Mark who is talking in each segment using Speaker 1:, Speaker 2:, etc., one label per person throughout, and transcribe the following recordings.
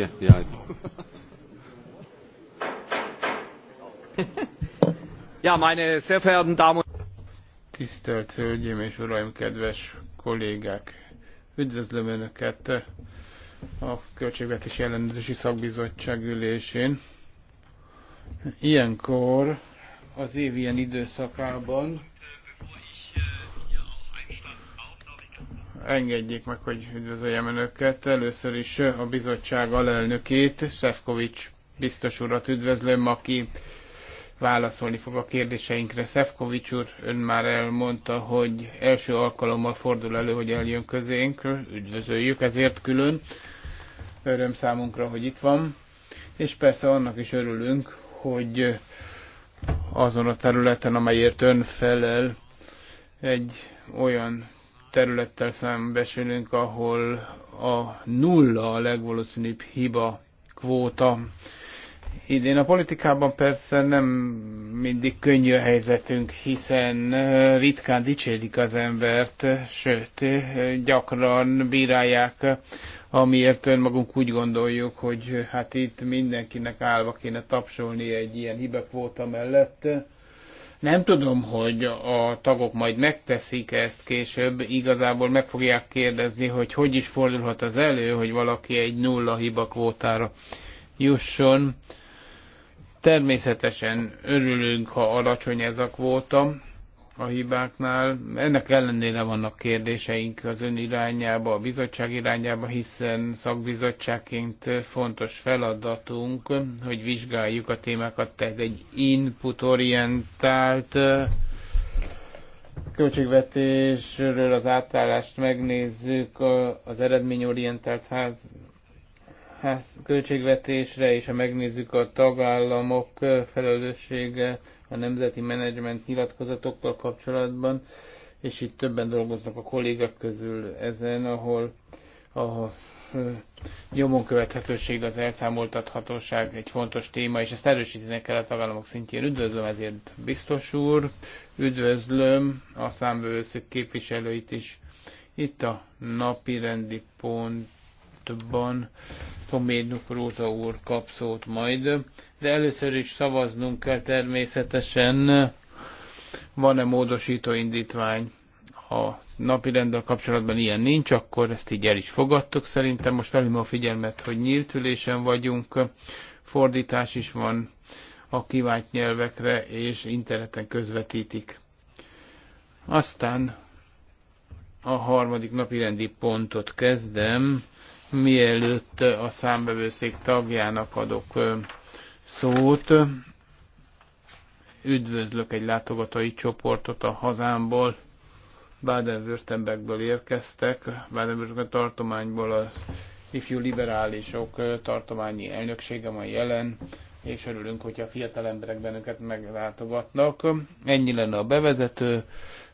Speaker 1: Yeah, yeah.
Speaker 2: ja, meine sehr verehrten Damen und Tisztelt Hölgyeim és Uraim, kedves kollégák! Üdvözlöm Önöket a Költségvetési Ellenőrzési Szakbizottság ülésén. Ilyenkor az év ilyen időszakában Engedjék meg, hogy üdvözöljem Önöket. Először is a bizottság alelnökét, Szefkovics biztos urat üdvözlöm, aki válaszolni fog a kérdéseinkre. Szefkovics úr, ön már elmondta, hogy első alkalommal fordul elő, hogy eljön közénk. Üdvözöljük ezért külön. Öröm számunkra, hogy itt van. És persze annak is örülünk, hogy azon a területen, amelyért ön felel, egy olyan területtel szembesülünk, ahol a nulla a legvalószínűbb hiba kvóta. Idén a politikában persze nem mindig könnyű a helyzetünk, hiszen ritkán dicsérik az embert, sőt, gyakran bírálják, amiért önmagunk úgy gondoljuk, hogy hát itt mindenkinek állva kéne tapsolni egy ilyen hibekvóta mellett nem tudom, hogy a tagok majd megteszik ezt később, igazából meg fogják kérdezni, hogy hogy is fordulhat az elő, hogy valaki egy nulla hiba kvótára jusson. Természetesen örülünk, ha alacsony ez a kvóta, a hibáknál. Ennek ellenére vannak kérdéseink az ön irányába, a bizottság irányába, hiszen szakbizottságként fontos feladatunk, hogy vizsgáljuk a témákat, tehát egy inputorientált eh, költségvetésről az átállást megnézzük az eredményorientált ház, ház költségvetésre, és ha megnézzük a tagállamok eh, felelőssége a nemzeti menedzsment nyilatkozatokkal kapcsolatban, és itt többen dolgoznak a kollégák közül ezen, ahol a nyomon követhetőség, az elszámoltathatóság egy fontos téma, és ezt erősíteni kell a tagállamok szintjén. Üdvözlöm ezért biztos úr, üdvözlöm a számbevőszök képviselőit is. Itt a napi rendi pont pontban Tomén Róza úr kap szót majd, de először is szavaznunk kell természetesen, van-e módosító indítvány. Ha napi rendel kapcsolatban ilyen nincs, akkor ezt így el is fogadtuk. Szerintem most felhívom a figyelmet, hogy nyílt ülésen vagyunk, fordítás is van a kívánt nyelvekre, és interneten közvetítik. Aztán a harmadik napi rendi pontot kezdem, mielőtt a számbevőszék tagjának adok szót. Üdvözlök egy látogatói csoportot a hazámból. Baden-Württembergből érkeztek, Baden-Württemberg tartományból az ifjú liberálisok tartományi elnöksége van jelen, és örülünk, hogyha a fiatal emberek bennünket meglátogatnak. Ennyi lenne a bevezető.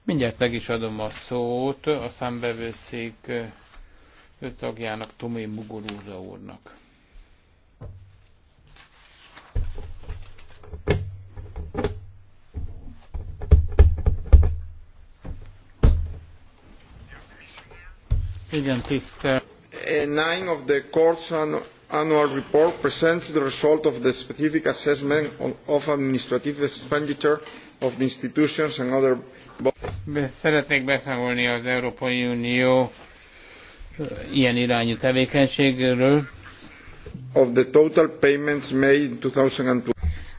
Speaker 2: Mindjárt meg is adom a szót a számbevőszék öt tagjának, Tomé Mugorúza úrnak. Igen, tisztel. A Nine of the court's annual report presents the result of the specific assessment of administrative expenditure of the institutions and other bodies. Szeretnék beszámolni az Európai Unió ilyen irányú tevékenységről. Of the total payments made in 2002.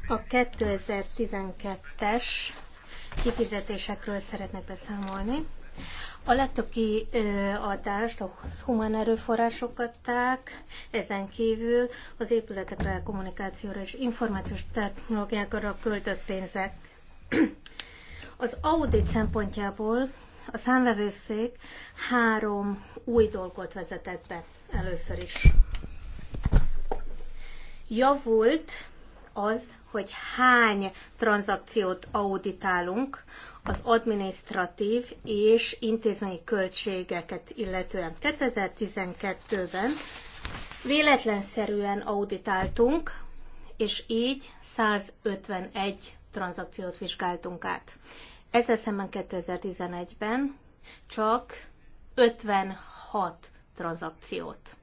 Speaker 3: A 2012-es kifizetésekről szeretnek beszámolni. A legtöbb adást, a humán erőforrások adták, ezen kívül az épületekre, kommunikációra és információs technológiákra költött pénzek. Az audit szempontjából a számvevőszék három új dolgot vezetett be először is. Javult az, hogy hány tranzakciót auditálunk az administratív és intézményi költségeket illetően. 2012-ben véletlenszerűen auditáltunk, és így 151 tranzakciót vizsgáltunk át. Ezzel szemben 2011-ben csak 56 tranzakciót.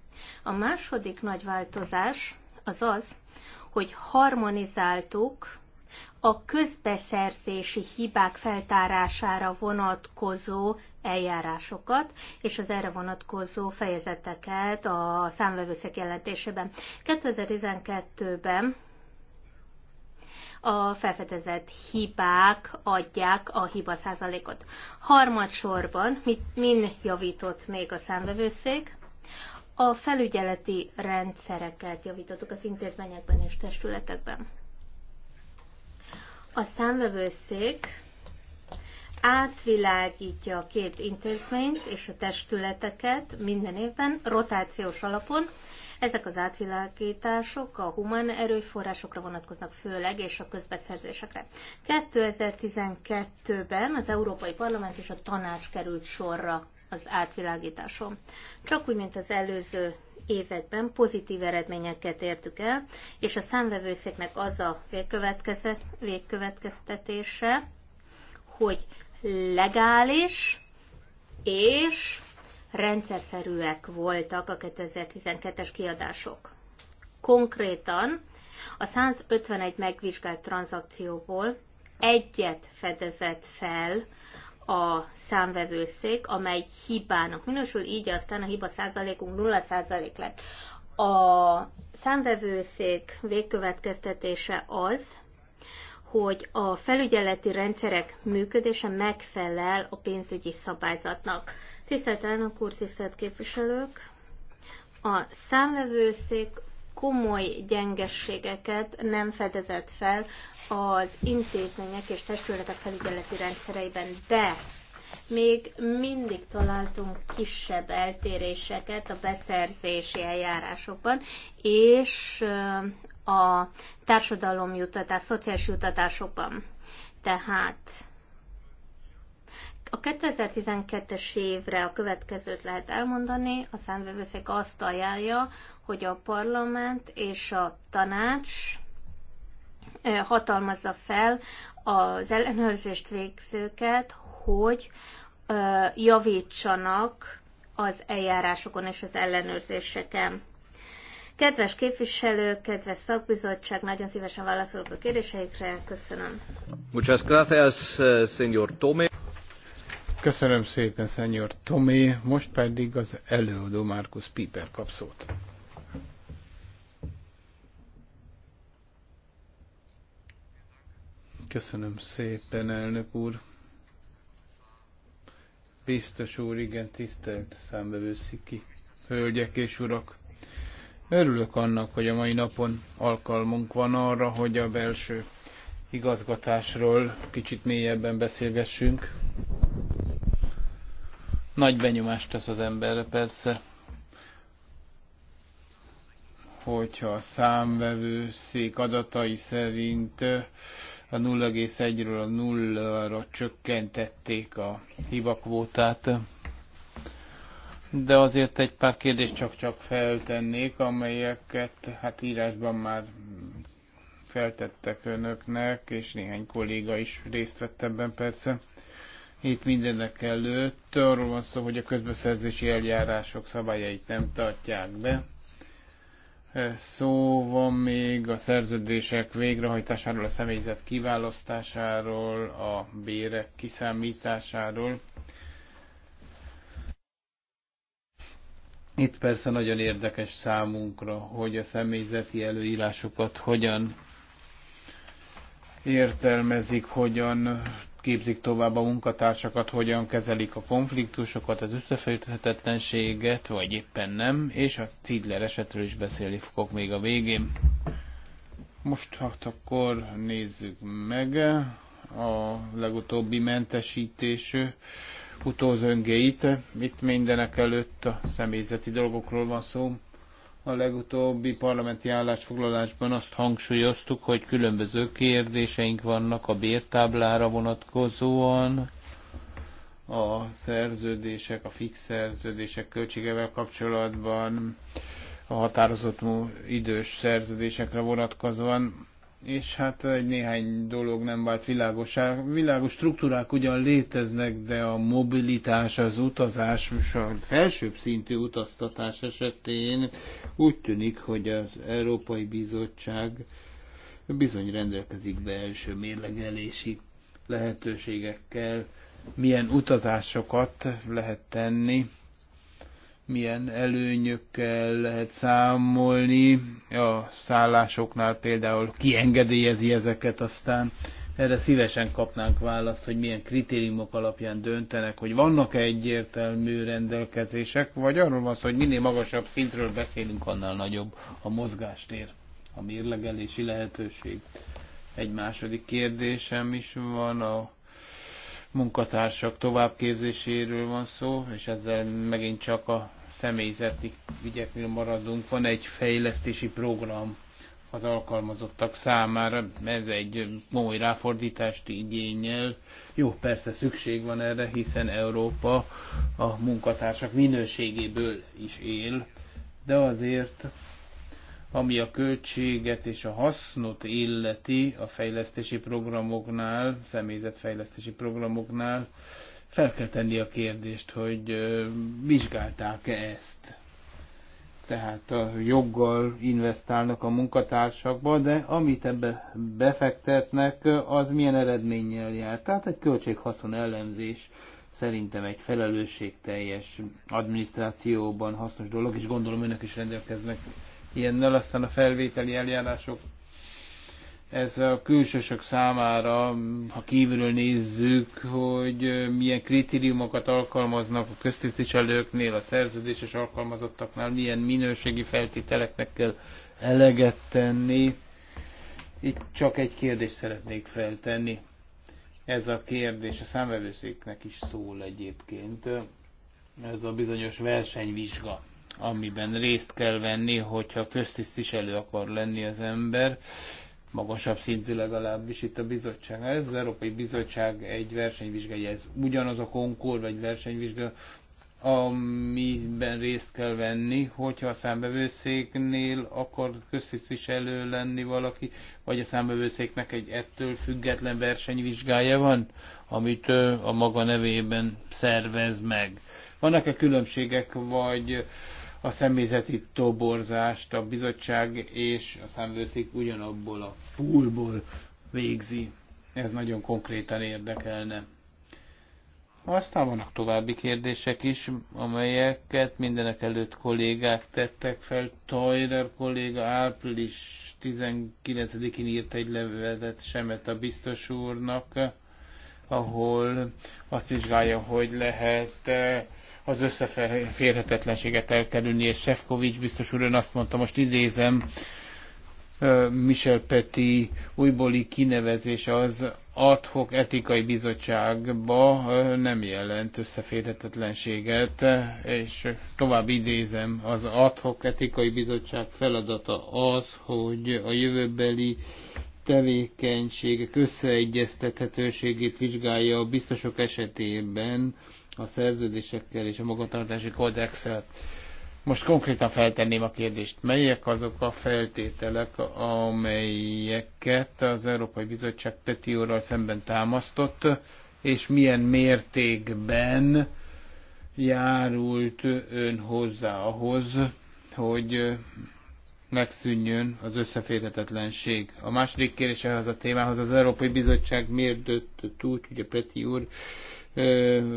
Speaker 3: A második nagy változás az az, hogy harmonizáltuk a közbeszerzési hibák feltárására vonatkozó eljárásokat, és az erre vonatkozó fejezeteket a számvevőszék jelentésében. 2012-ben a felfedezett hibák adják a hiba százalékot. Harmadsorban, mit, min javított még a számvevőszék? A felügyeleti rendszereket javítottuk az intézményekben és testületekben. A számvevőszék átvilágítja a két intézményt és a testületeket minden évben rotációs alapon, ezek az átvilágítások a humán erőforrásokra vonatkoznak főleg, és a közbeszerzésekre. 2012-ben az Európai Parlament és a Tanács került sorra az átvilágításon. Csak úgy, mint az előző években pozitív eredményeket értük el, és a számvevőszéknek az a végkövetkeztetése, hogy legális és rendszerszerűek voltak a 2012-es kiadások. Konkrétan a 151 megvizsgált tranzakcióból egyet fedezett fel a számvevőszék, amely hibának minősül, így aztán a hiba százalékunk 0 százalék lett. A számvevőszék végkövetkeztetése az, hogy a felügyeleti rendszerek működése megfelel a pénzügyi szabályzatnak. Tisztelt elnök úr, tisztelt képviselők! A számvevőszék komoly gyengességeket nem fedezett fel az intézmények és testületek felügyeleti rendszereiben, de még mindig találtunk kisebb eltéréseket a beszerzési eljárásokban, és a társadalomjutatás, szociális jutatásokban. Tehát a 2012-es évre a következőt lehet elmondani, a számvevőszék azt ajánlja, hogy a parlament és a tanács hatalmazza fel az ellenőrzést végzőket, hogy javítsanak az eljárásokon és az ellenőrzéseken. Kedves képviselők, kedves szakbizottság, nagyon szívesen válaszolok a kérdéseikre. Köszönöm.
Speaker 2: Muchas gracias, eh, señor Tomé. Köszönöm szépen, szenyor Tomé. Most pedig az előadó Markus Piper kap szót. Köszönöm szépen, elnök úr. Biztos úr, igen, tisztelt számbevősziki hölgyek és urak. Örülök annak, hogy a mai napon alkalmunk van arra, hogy a belső igazgatásról kicsit mélyebben beszélgessünk. Nagy benyomást tesz az emberre persze, hogyha a számvevőszék adatai szerint a 0,1-ről a 0-ra csökkentették a hibakvótát. De azért egy pár kérdést csak-csak feltennék, amelyeket hát írásban már feltettek önöknek, és néhány kolléga is részt vett ebben persze. Itt mindenek előtt arról van szó, hogy a közbeszerzési eljárások szabályait nem tartják be. Szó van még a szerződések végrehajtásáról, a személyzet kiválasztásáról, a bérek kiszámításáról. Itt persze nagyon érdekes számunkra, hogy a személyzeti előírásokat hogyan értelmezik, hogyan képzik tovább a munkatársakat, hogyan kezelik a konfliktusokat, az összeférhetetlenséget, vagy éppen nem, és a Cidler esetről is beszélni fogok még a végén. Most hát akkor nézzük meg a legutóbbi mentesítés utózöngéit. Itt mindenek előtt a személyzeti dolgokról van szó. A legutóbbi parlamenti állásfoglalásban azt hangsúlyoztuk, hogy különböző kérdéseink vannak a bértáblára vonatkozóan, a szerződések, a fix szerződések költségevel kapcsolatban, a határozott idős szerződésekre vonatkozóan és hát egy néhány dolog nem vált világosá. Világos struktúrák ugyan léteznek, de a mobilitás, az utazás, és a felsőbb szintű utaztatás esetén úgy tűnik, hogy az Európai Bizottság bizony rendelkezik belső mérlegelési lehetőségekkel, milyen utazásokat lehet tenni milyen előnyökkel lehet számolni a szállásoknál például kiengedélyezi ezeket, aztán erre szívesen kapnánk választ, hogy milyen kritériumok alapján döntenek, hogy vannak-e egyértelmű rendelkezések, vagy arról van szó, hogy minél magasabb szintről beszélünk, annál nagyobb a mozgástér, a mérlegelési lehetőség. Egy második kérdésem is van a munkatársak továbbképzéséről van szó, és ezzel megint csak a személyzeti ügyeknél maradunk. Van egy fejlesztési program az alkalmazottak számára, ez egy komoly ráfordítást igényel. Jó, persze szükség van erre, hiszen Európa a munkatársak minőségéből is él, de azért ami a költséget és a hasznot illeti a fejlesztési programoknál, személyzetfejlesztési programoknál, fel kell tenni a kérdést, hogy vizsgálták-e ezt. Tehát a joggal investálnak a munkatársakba, de amit ebbe befektetnek, az milyen eredménnyel jár. Tehát egy költséghaszon ellenzés szerintem egy felelősségteljes adminisztrációban hasznos dolog, és gondolom önök is rendelkeznek ilyennel, aztán a felvételi eljárások. Ez a külsősök számára, ha kívülről nézzük, hogy milyen kritériumokat alkalmaznak a köztisztviselőknél, a szerződéses alkalmazottaknál, milyen minőségi feltételeknek kell eleget tenni. Itt csak egy kérdést szeretnék feltenni. Ez a kérdés a számvevőszéknek is szól egyébként. Ez a bizonyos versenyvizsga amiben részt kell venni, hogyha köztisztviselő akar lenni az ember, magasabb szintű legalábbis itt a bizottság. Ez az Európai Bizottság egy versenyvizsgája, ez ugyanaz a konkur vagy versenyvizsga, amiben részt kell venni, hogyha a számbevőszéknél akar köztisztviselő lenni valaki, vagy a számbevőszéknek egy ettől független versenyvizsgája van, amit a maga nevében szervez meg. Vannak-e különbségek, vagy a személyzeti toborzást a bizottság és a számvőszék ugyanabból a poolból végzi. Ez nagyon konkrétan érdekelne. Aztán vannak további kérdések is, amelyeket mindenek előtt kollégák tettek fel. Tajrer kolléga április 19-én írt egy levelet Semet a biztos úrnak ahol azt vizsgálja, hogy lehet eh, az összeférhetetlenséget elkerülni, és Sefcovics biztos úr azt mondta, most idézem, eh, Michel Peti újbóli kinevezés az adhok etikai bizottságba eh, nem jelent összeférhetetlenséget, és tovább idézem, az adhok etikai bizottság feladata az, hogy a jövőbeli tevékenységek összeegyeztethetőségét vizsgálja a biztosok esetében a szerződésekkel és a magatartási kódexel. Most konkrétan feltenném a kérdést, melyek azok a feltételek, amelyeket az Európai Bizottság Petióral szemben támasztott, és milyen mértékben járult ön hozzá ahhoz, hogy megszűnjön az összeférhetetlenség. A második kérdés ehhez a témához az Európai Bizottság miért döntött úgy, hogy a Peti úr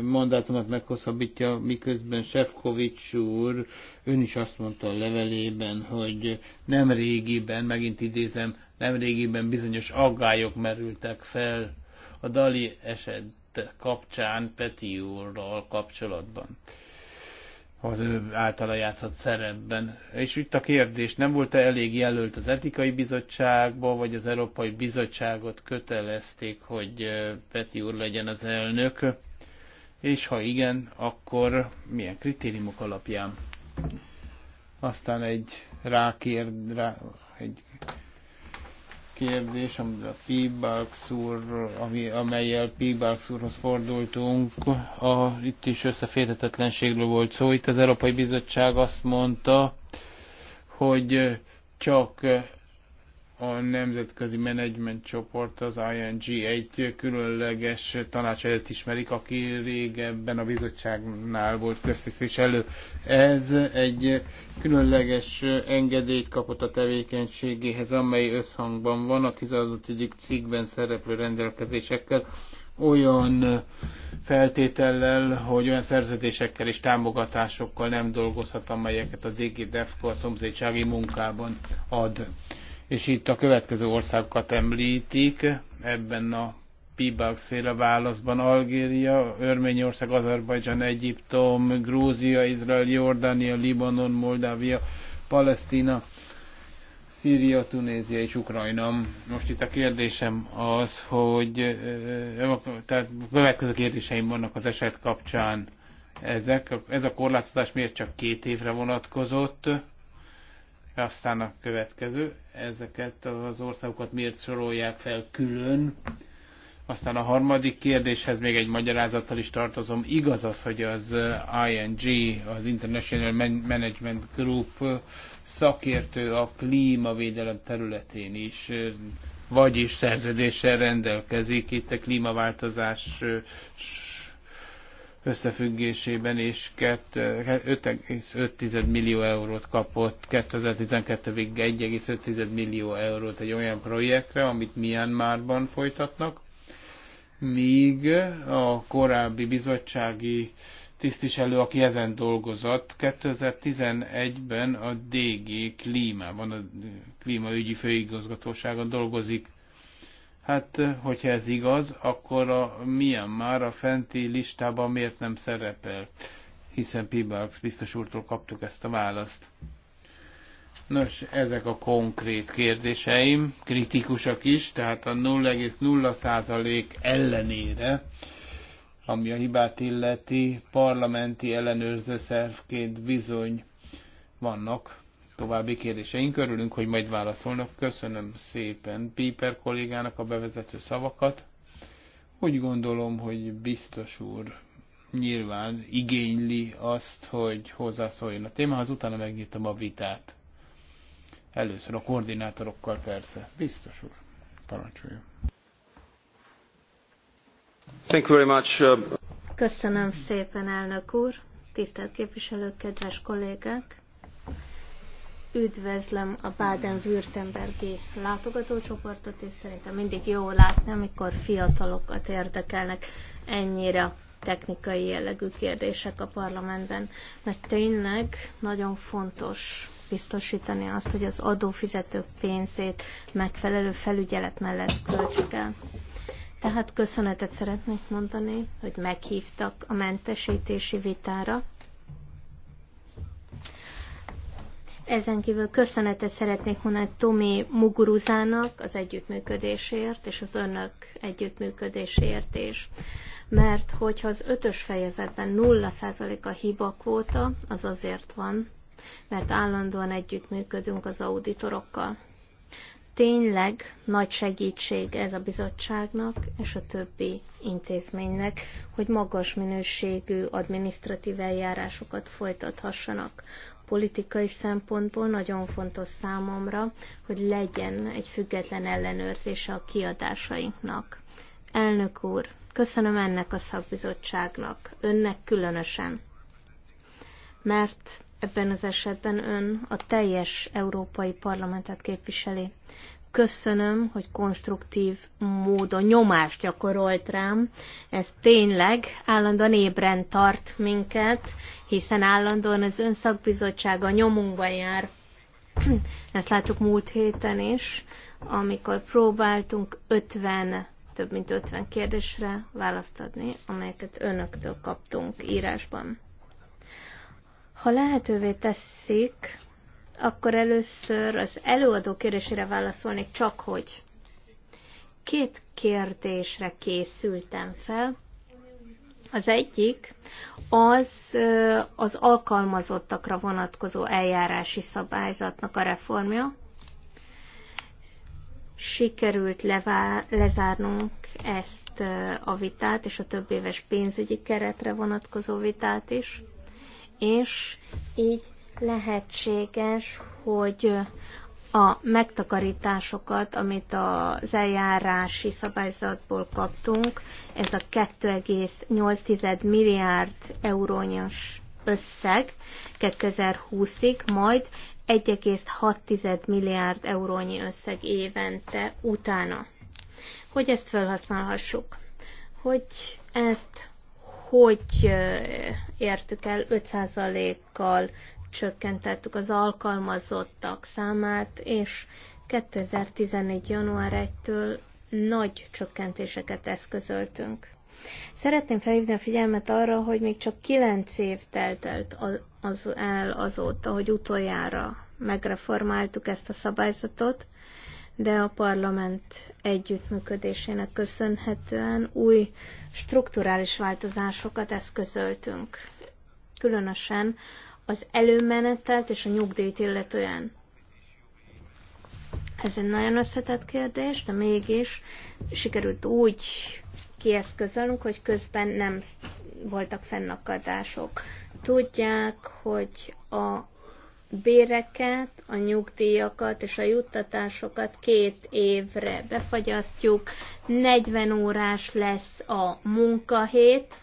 Speaker 2: mandátumát meghosszabbítja, miközben Sefcovics úr, ön is azt mondta a levelében, hogy nem régiben, megint idézem, nem régiben bizonyos aggályok merültek fel a Dali eset kapcsán Peti úrral kapcsolatban az ő általa játszott szerepben. És itt a kérdés, nem volt-e elég jelölt az etikai bizottságba, vagy az Európai Bizottságot kötelezték, hogy Peti úr legyen az elnök? És ha igen, akkor milyen kritériumok alapján? Aztán egy rákérd, rá, egy kérdés, amit a Pibax úr, ami, amelyel Pibax úrhoz fordultunk, a, itt is összeférhetetlenségről volt szó. Itt az Európai Bizottság azt mondta, hogy csak a nemzetközi menedzsment csoport, az ING egy különleges tanácsadat ismerik, aki régebben a bizottságnál volt elő. Ez egy különleges engedélyt kapott a tevékenységéhez, amely összhangban van a 16. cikkben szereplő rendelkezésekkel olyan feltétellel, hogy olyan szerződésekkel és támogatásokkal nem dolgozhat, amelyeket a DG DEFCO a szomszédsági munkában ad és itt a következő országokat említik ebben a Pibax féle válaszban Algéria, Örményország, Azerbajdzsán, Egyiptom, Grúzia, Izrael, Jordánia, Libanon, Moldávia, Palesztina, Szíria, Tunézia és Ukrajna. Most itt a kérdésem az, hogy eh, eh, tehát a következő kérdéseim vannak az eset kapcsán. Ezek, ez a korlátozás miért csak két évre vonatkozott? Aztán a következő, ezeket az országokat miért sorolják fel külön. Aztán a harmadik kérdéshez még egy magyarázattal is tartozom. Igaz az, hogy az ING, az International Management Group szakértő a klímavédelem területén is, vagyis szerződéssel rendelkezik. Itt a klímaváltozás összefüggésében, is 5,5 millió eurót kapott 2012-ig 1,5 millió eurót egy olyan projektre, amit Myanmarban folytatnak, míg a korábbi bizottsági tisztviselő, aki ezen dolgozott, 2011-ben a DG Klímában, a klímaügyi főigazgatóságon dolgozik. Hát, eh, hogyha ez igaz, akkor a milyen már a fenti listában miért nem szerepel? Hiszen Pibax biztos úrtól kaptuk ezt a választ. Nos, ezek a konkrét kérdéseim, kritikusak is, tehát a 0,0% ellenére, ami a hibát illeti, parlamenti ellenőrző szervként bizony vannak további kérdéseink. Örülünk, hogy majd válaszolnak. Köszönöm szépen Piper kollégának a bevezető szavakat. Úgy gondolom, hogy biztos úr nyilván igényli azt, hogy hozzászóljon a témához, utána megnyitom a vitát. Először a koordinátorokkal persze. Biztos úr, parancsoljon.
Speaker 1: Thank you very much. Uh,
Speaker 3: Köszönöm szépen, elnök úr, tisztelt képviselők, kedves kollégák! Üdvözlöm a Baden-Württembergi látogatócsoportot, és szerintem mindig jó látni, amikor fiatalokat érdekelnek ennyire technikai jellegű kérdések a parlamentben, mert tényleg nagyon fontos biztosítani azt, hogy az adófizetők pénzét megfelelő felügyelet mellett költsük el. Tehát köszönetet szeretnék mondani, hogy meghívtak a mentesítési vitára, Ezen kívül köszönetet szeretnék mondani Tomi Muguruzának az együttműködésért, és az önök együttműködésért is. Mert hogyha az ötös fejezetben 0% a hiba kvóta, az azért van, mert állandóan együttműködünk az auditorokkal. Tényleg nagy segítség ez a bizottságnak és a többi intézménynek, hogy magas minőségű adminisztratív eljárásokat folytathassanak. Politikai szempontból nagyon fontos számomra, hogy legyen egy független ellenőrzése a kiadásainknak. Elnök úr, köszönöm ennek a szakbizottságnak, önnek különösen, mert ebben az esetben ön a teljes Európai Parlamentet képviseli köszönöm, hogy konstruktív módon nyomást gyakorolt rám. Ez tényleg állandóan ébren tart minket, hiszen állandóan az a nyomunkban jár. Ezt láttuk múlt héten is, amikor próbáltunk 50, több mint 50 kérdésre választ adni, amelyeket önöktől kaptunk írásban. Ha lehetővé teszik, akkor először az előadó kérdésére válaszolnék csak, hogy két kérdésre készültem fel. Az egyik az az alkalmazottakra vonatkozó eljárási szabályzatnak a reformja. Sikerült levá- lezárnunk ezt a vitát, és a több éves pénzügyi keretre vonatkozó vitát is, és így lehetséges, hogy a megtakarításokat, amit az eljárási szabályzatból kaptunk, ez a 2,8 milliárd eurónyos összeg 2020-ig, majd 1,6 milliárd eurónyi összeg évente utána. Hogy ezt felhasználhassuk? Hogy ezt hogy értük el 5%-kal csökkentettük az alkalmazottak számát, és 2014. január 1-től nagy csökkentéseket eszközöltünk. Szeretném felhívni a figyelmet arra, hogy még csak 9 év telt el, az, el azóta, hogy utoljára megreformáltuk ezt a szabályzatot, de a parlament együttműködésének köszönhetően új strukturális változásokat eszközöltünk. Különösen az előmenetelt és a nyugdíjt illetően. Ez egy nagyon összetett kérdés, de mégis sikerült úgy kieszközölnünk, hogy közben nem voltak fennakadások. Tudják, hogy a béreket, a nyugdíjakat és a juttatásokat két évre befagyasztjuk, 40 órás lesz a munkahét,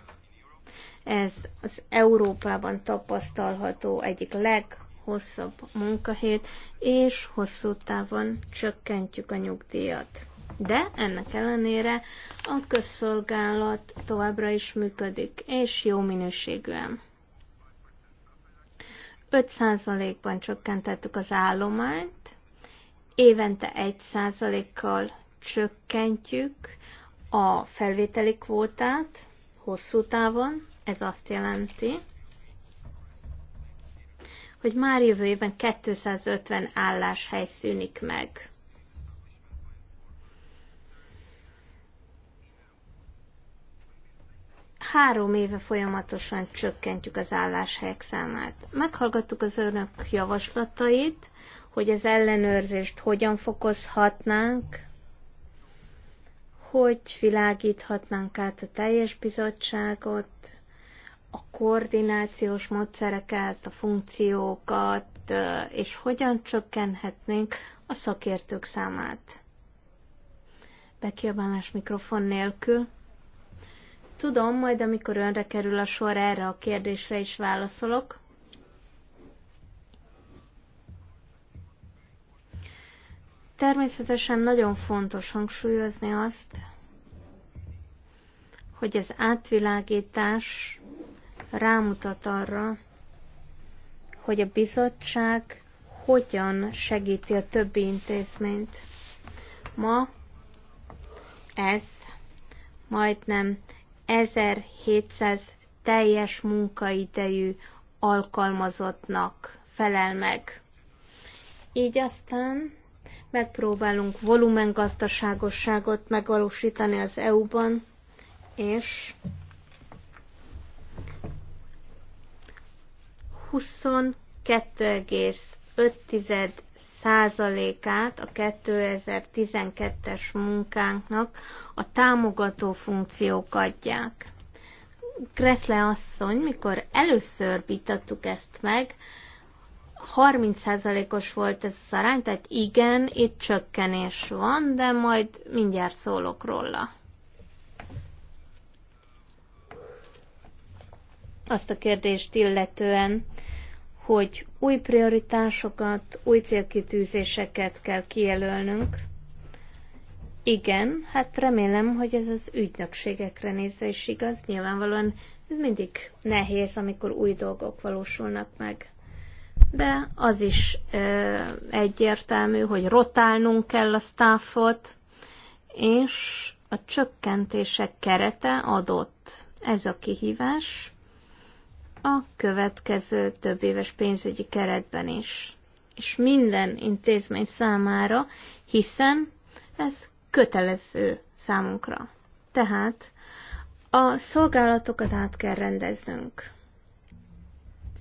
Speaker 3: ez az Európában tapasztalható egyik leghosszabb munkahét, és hosszú távon csökkentjük a nyugdíjat. De ennek ellenére a közszolgálat továbbra is működik, és jó minőségűen. 5%-ban csökkentettük az állományt, évente 1%-kal csökkentjük a felvételi kvótát hosszú távon, ez azt jelenti, hogy már jövő évben 250 álláshely szűnik meg. Három éve folyamatosan csökkentjük az álláshelyek számát. Meghallgattuk az önök javaslatait, hogy az ellenőrzést hogyan fokozhatnánk, hogy világíthatnánk át a teljes bizottságot, a koordinációs módszereket, a funkciókat, és hogyan csökkenhetnénk a szakértők számát. Bekiabálás mikrofon nélkül. Tudom, majd amikor önre kerül a sor, erre a kérdésre is válaszolok. Természetesen nagyon fontos hangsúlyozni azt, hogy az átvilágítás rámutat arra, hogy a bizottság hogyan segíti a többi intézményt. Ma ez majdnem 1700 teljes munkaidejű alkalmazottnak felel meg. Így aztán megpróbálunk volumengazdaságosságot megvalósítani az EU-ban, és 22,5 át a 2012-es munkánknak a támogató funkciók adják. Kreszle asszony, mikor először vitattuk ezt meg, 30%-os volt ez az arány, tehát igen, itt csökkenés van, de majd mindjárt szólok róla. azt a kérdést illetően, hogy új prioritásokat, új célkitűzéseket kell kijelölnünk. Igen, hát remélem, hogy ez az ügynökségekre nézve is igaz. Nyilvánvalóan ez mindig nehéz, amikor új dolgok valósulnak meg. De az is ö, egyértelmű, hogy rotálnunk kell a staffot, és a csökkentések kerete adott. Ez a kihívás a következő több éves pénzügyi keretben is. És minden intézmény számára, hiszen ez kötelező számunkra. Tehát a szolgálatokat át kell rendeznünk.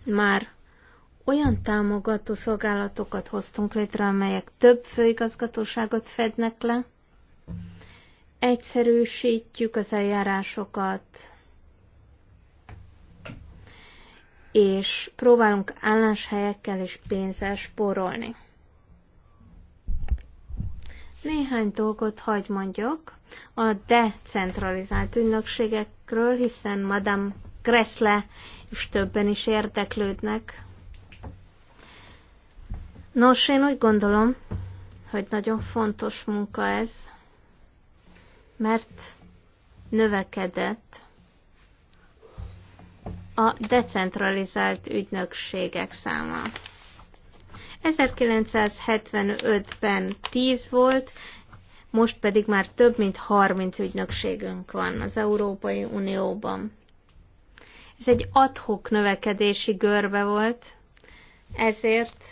Speaker 3: Már olyan támogató szolgálatokat hoztunk létre, amelyek több főigazgatóságot fednek le, egyszerűsítjük az eljárásokat, és próbálunk álláshelyekkel és pénzzel spórolni. Néhány dolgot hagy mondjak a decentralizált ügynökségekről, hiszen Madame Kressle és többen is érdeklődnek. Nos, én úgy gondolom, hogy nagyon fontos munka ez, mert növekedett a decentralizált ügynökségek száma. 1975-ben 10 volt, most pedig már több mint 30 ügynökségünk van az Európai Unióban. Ez egy adhok növekedési görbe volt, ezért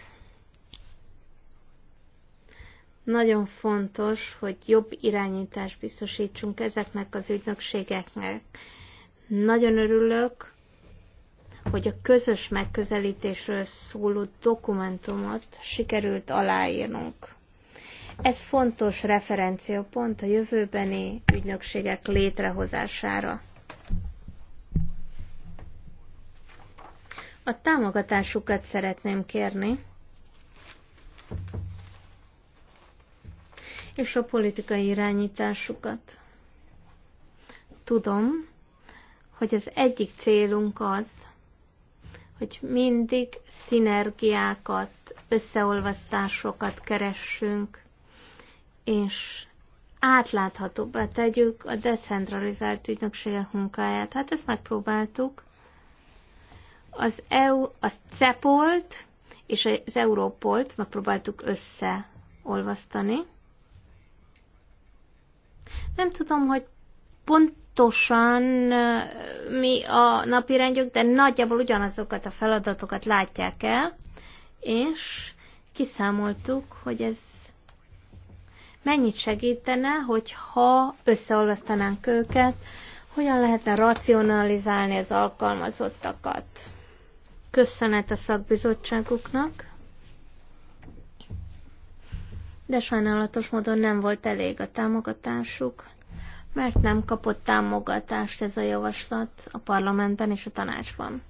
Speaker 3: nagyon fontos, hogy jobb irányítást biztosítsunk ezeknek az ügynökségeknek. Nagyon örülök, hogy a közös megközelítésről szóló dokumentumot sikerült aláírnunk. Ez fontos referenciapont a jövőbeni ügynökségek létrehozására. A támogatásukat szeretném kérni, és a politikai irányításukat. Tudom, hogy az egyik célunk az, hogy mindig szinergiákat, összeolvasztásokat keressünk, és átláthatóbbá tegyük a decentralizált ügynökségek munkáját. Hát ezt megpróbáltuk. Az EU, a CEPOLT és az Európolt megpróbáltuk összeolvasztani. Nem tudom, hogy pontosan mi a rendjük, de nagyjából ugyanazokat a feladatokat látják el, és kiszámoltuk, hogy ez mennyit segítene, hogyha összeolvasztanánk őket, hogyan lehetne racionalizálni az alkalmazottakat. Köszönet a szakbizottságuknak, de sajnálatos módon nem volt elég a támogatásuk mert nem kapott támogatást ez a javaslat a parlamentben és a tanácsban.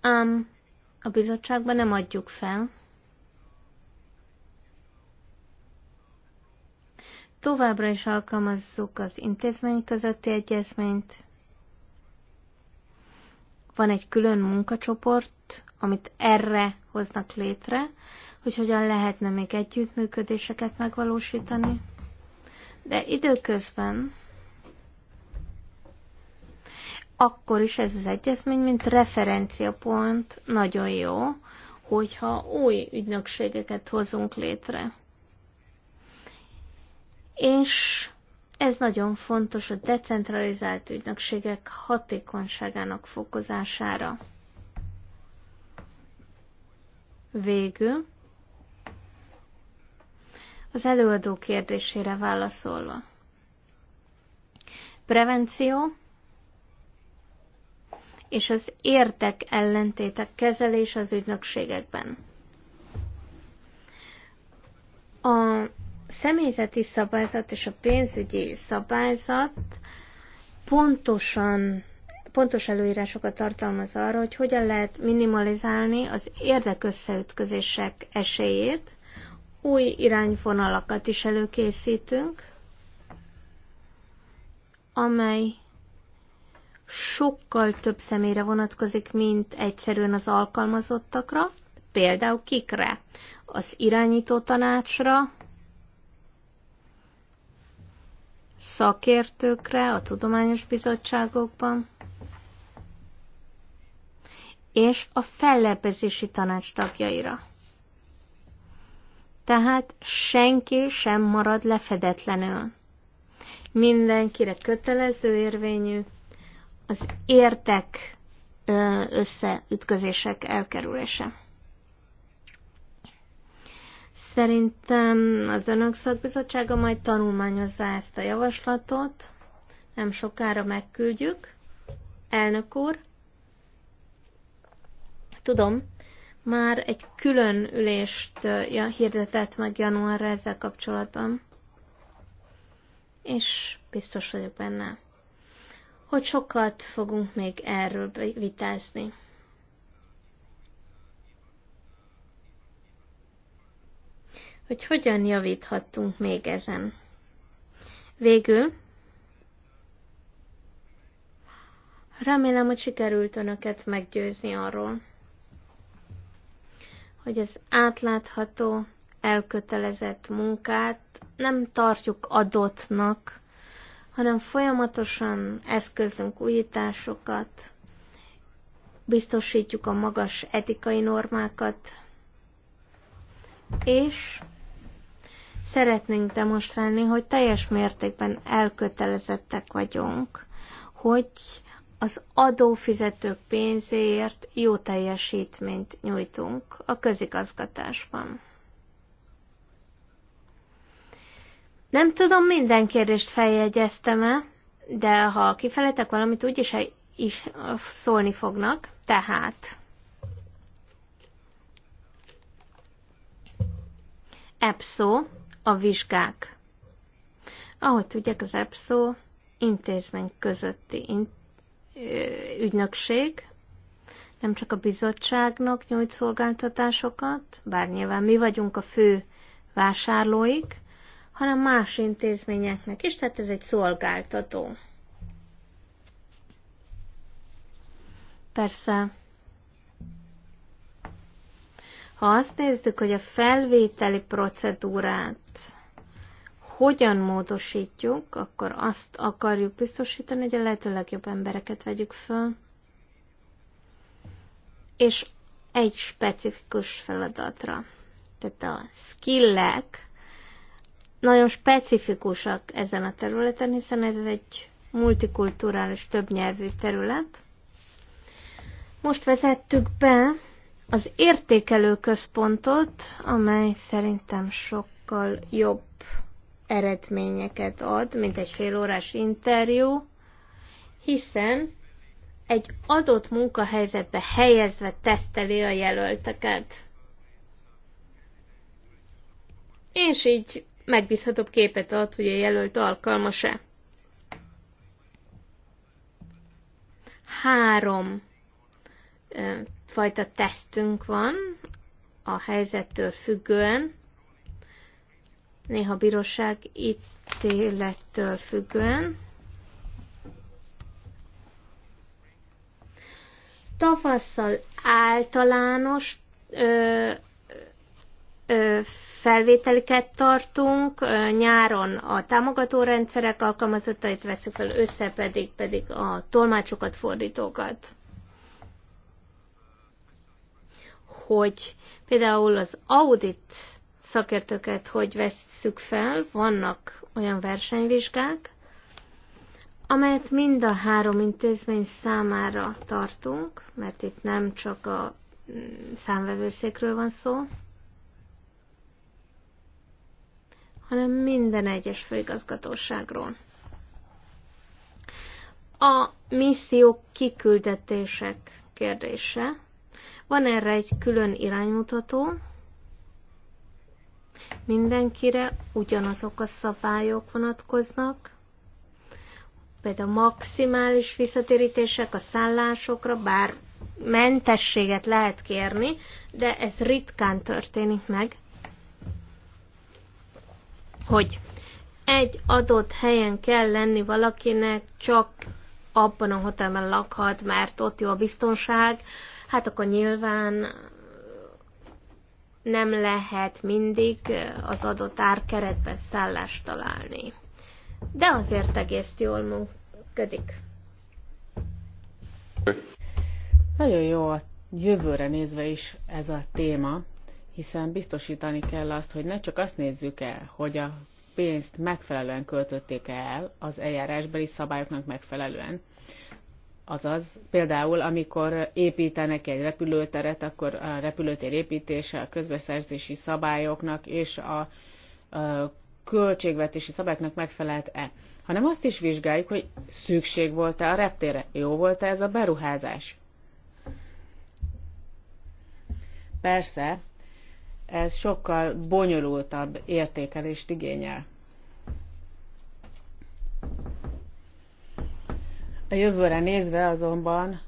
Speaker 3: Ám a bizottságban nem adjuk fel. Továbbra is alkalmazzuk az intézmény közötti egyezményt. Van egy külön munkacsoport, amit erre hoznak létre, hogy hogyan lehetne még együttműködéseket megvalósítani. De időközben akkor is ez az egyezmény, mint referenciapont nagyon jó, hogyha új ügynökségeket hozunk létre. És ez nagyon fontos a decentralizált ügynökségek hatékonyságának fokozására. Végül az előadó kérdésére válaszolva. Prevenció és az értek ellentétek kezelés az ügynökségekben. A személyzeti szabályzat és a pénzügyi szabályzat pontosan pontos előírásokat tartalmaz arra, hogy hogyan lehet minimalizálni az érdekösszeütközések esélyét, új irányvonalakat is előkészítünk, amely sokkal több személyre vonatkozik, mint egyszerűen az alkalmazottakra, például kikre? Az irányító tanácsra, szakértőkre, a tudományos bizottságokban, és a fellebbezési tanács tagjaira. Tehát senki sem marad lefedetlenül. Mindenkire kötelező érvényű, az értek összeütközések elkerülése. Szerintem az Önök szakbizottsága majd tanulmányozza ezt a javaslatot. Nem sokára megküldjük. Elnök úr, tudom, már egy külön ülést hirdetett meg januárra ezzel kapcsolatban, és biztos vagyok benne, hogy sokat fogunk még erről vitázni. Hogy hogyan javíthattunk még ezen. Végül remélem, hogy sikerült önöket meggyőzni arról, hogy az átlátható, elkötelezett munkát nem tartjuk adottnak, hanem folyamatosan eszközünk újításokat, biztosítjuk a magas etikai normákat, és szeretnénk demonstrálni, hogy teljes mértékben elkötelezettek vagyunk, hogy az adófizetők pénzéért jó teljesítményt nyújtunk a közigazgatásban. Nem tudom, minden kérdést feljegyeztem-e, de ha kifeletek valamit, úgyis is szólni fognak. Tehát EPSO a vizsgák. Ahogy tudják, az EPSO intézmény közötti intézmény ügynökség, nem csak a bizottságnak nyújt szolgáltatásokat, bár nyilván mi vagyunk a fő vásárlóik, hanem más intézményeknek is, tehát ez egy szolgáltató. Persze. Ha azt nézzük, hogy a felvételi procedúrát hogyan módosítjuk, akkor azt akarjuk biztosítani, hogy a lehető legjobb embereket vegyük föl, és egy specifikus feladatra. Tehát a skillek nagyon specifikusak ezen a területen, hiszen ez egy multikulturális, többnyelvű terület. Most vezettük be az értékelő központot, amely szerintem sokkal jobb eredményeket ad, mint egy félórás interjú, hiszen egy adott munkahelyzetbe helyezve teszteli a jelölteket. És így megbízhatóbb képet ad, hogy a jelölt alkalmas-e. Három fajta tesztünk van a helyzettől függően néha bíróság ítélettől függően. Tavasszal általános ö, ö, felvételiket tartunk, ö, nyáron a támogató rendszerek alkalmazottait veszük fel, össze pedig, pedig a tolmácsokat, fordítókat. Hogy például az audit szakértőket hogy vesszük fel, vannak olyan versenyvizsgák, amelyet mind a három intézmény számára tartunk, mert itt nem csak a mm, számvevőszékről van szó, hanem minden egyes főigazgatóságról. A misszió kiküldetések kérdése. Van erre egy külön iránymutató, mindenkire ugyanazok a szabályok vonatkoznak, például a maximális visszatérítések a szállásokra, bár mentességet lehet kérni, de ez ritkán történik meg, hogy egy adott helyen kell lenni valakinek, csak abban a hotelben lakhat, mert ott jó a biztonság, hát akkor nyilván nem lehet mindig az adott árkeretben szállást találni. De azért
Speaker 1: egész jól működik. Nagyon jó a jövőre nézve is ez a téma, hiszen biztosítani kell azt, hogy ne csak azt nézzük el, hogy a pénzt megfelelően költötték el az eljárásbeli szabályoknak megfelelően, Azaz, például amikor építenek egy repülőteret, akkor a repülőtér építése a közbeszerzési szabályoknak és a, a költségvetési szabályoknak megfelelt-e, hanem azt is vizsgáljuk, hogy szükség volt-e a reptére, jó volt-e ez a beruházás. Persze, ez sokkal bonyolultabb értékelést igényel. A jövőre nézve azonban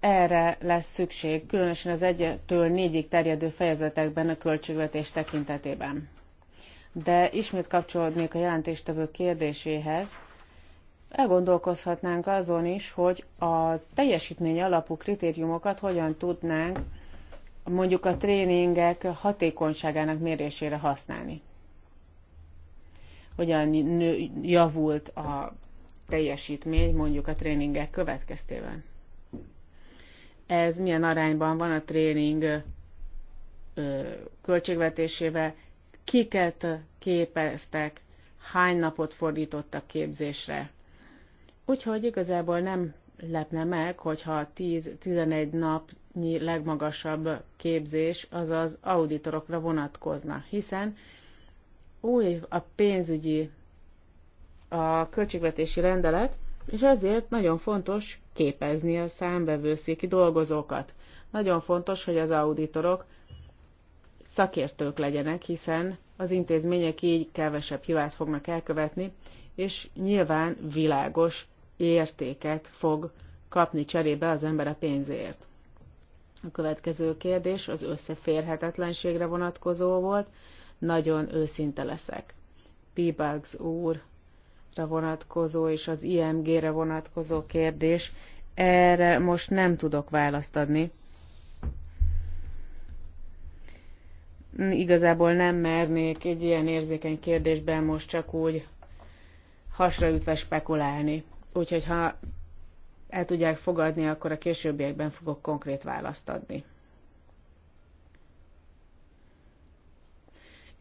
Speaker 1: erre lesz szükség, különösen az egyetől től terjedő fejezetekben a költségvetés tekintetében. De ismét kapcsolódnék a jelentéstevő kérdéséhez. Elgondolkozhatnánk azon is, hogy a teljesítmény alapú kritériumokat hogyan tudnánk mondjuk a tréningek hatékonyságának mérésére használni. Hogyan javult a teljesítmény mondjuk a tréningek következtében. Ez milyen arányban van a tréning költségvetésével, kiket képeztek, hány napot fordítottak képzésre. Úgyhogy igazából nem lepne meg, hogyha 10-11 napnyi legmagasabb képzés az az auditorokra vonatkozna, hiszen új a pénzügyi a költségvetési rendelet, és ezért nagyon fontos képezni a számbevőszéki dolgozókat. Nagyon fontos, hogy az auditorok szakértők legyenek, hiszen az intézmények így kevesebb hibát fognak elkövetni, és nyilván világos értéket fog kapni cserébe az ember a pénzért. A következő kérdés az összeférhetetlenségre vonatkozó volt. Nagyon őszinte leszek. Pibags úr vonatkozó és az IMG-re vonatkozó kérdés, erre most nem tudok választ adni. Igazából nem mernék egy ilyen érzékeny kérdésben most csak úgy hasraütve spekulálni. Úgyhogy ha el tudják fogadni, akkor a későbbiekben fogok konkrét választ adni.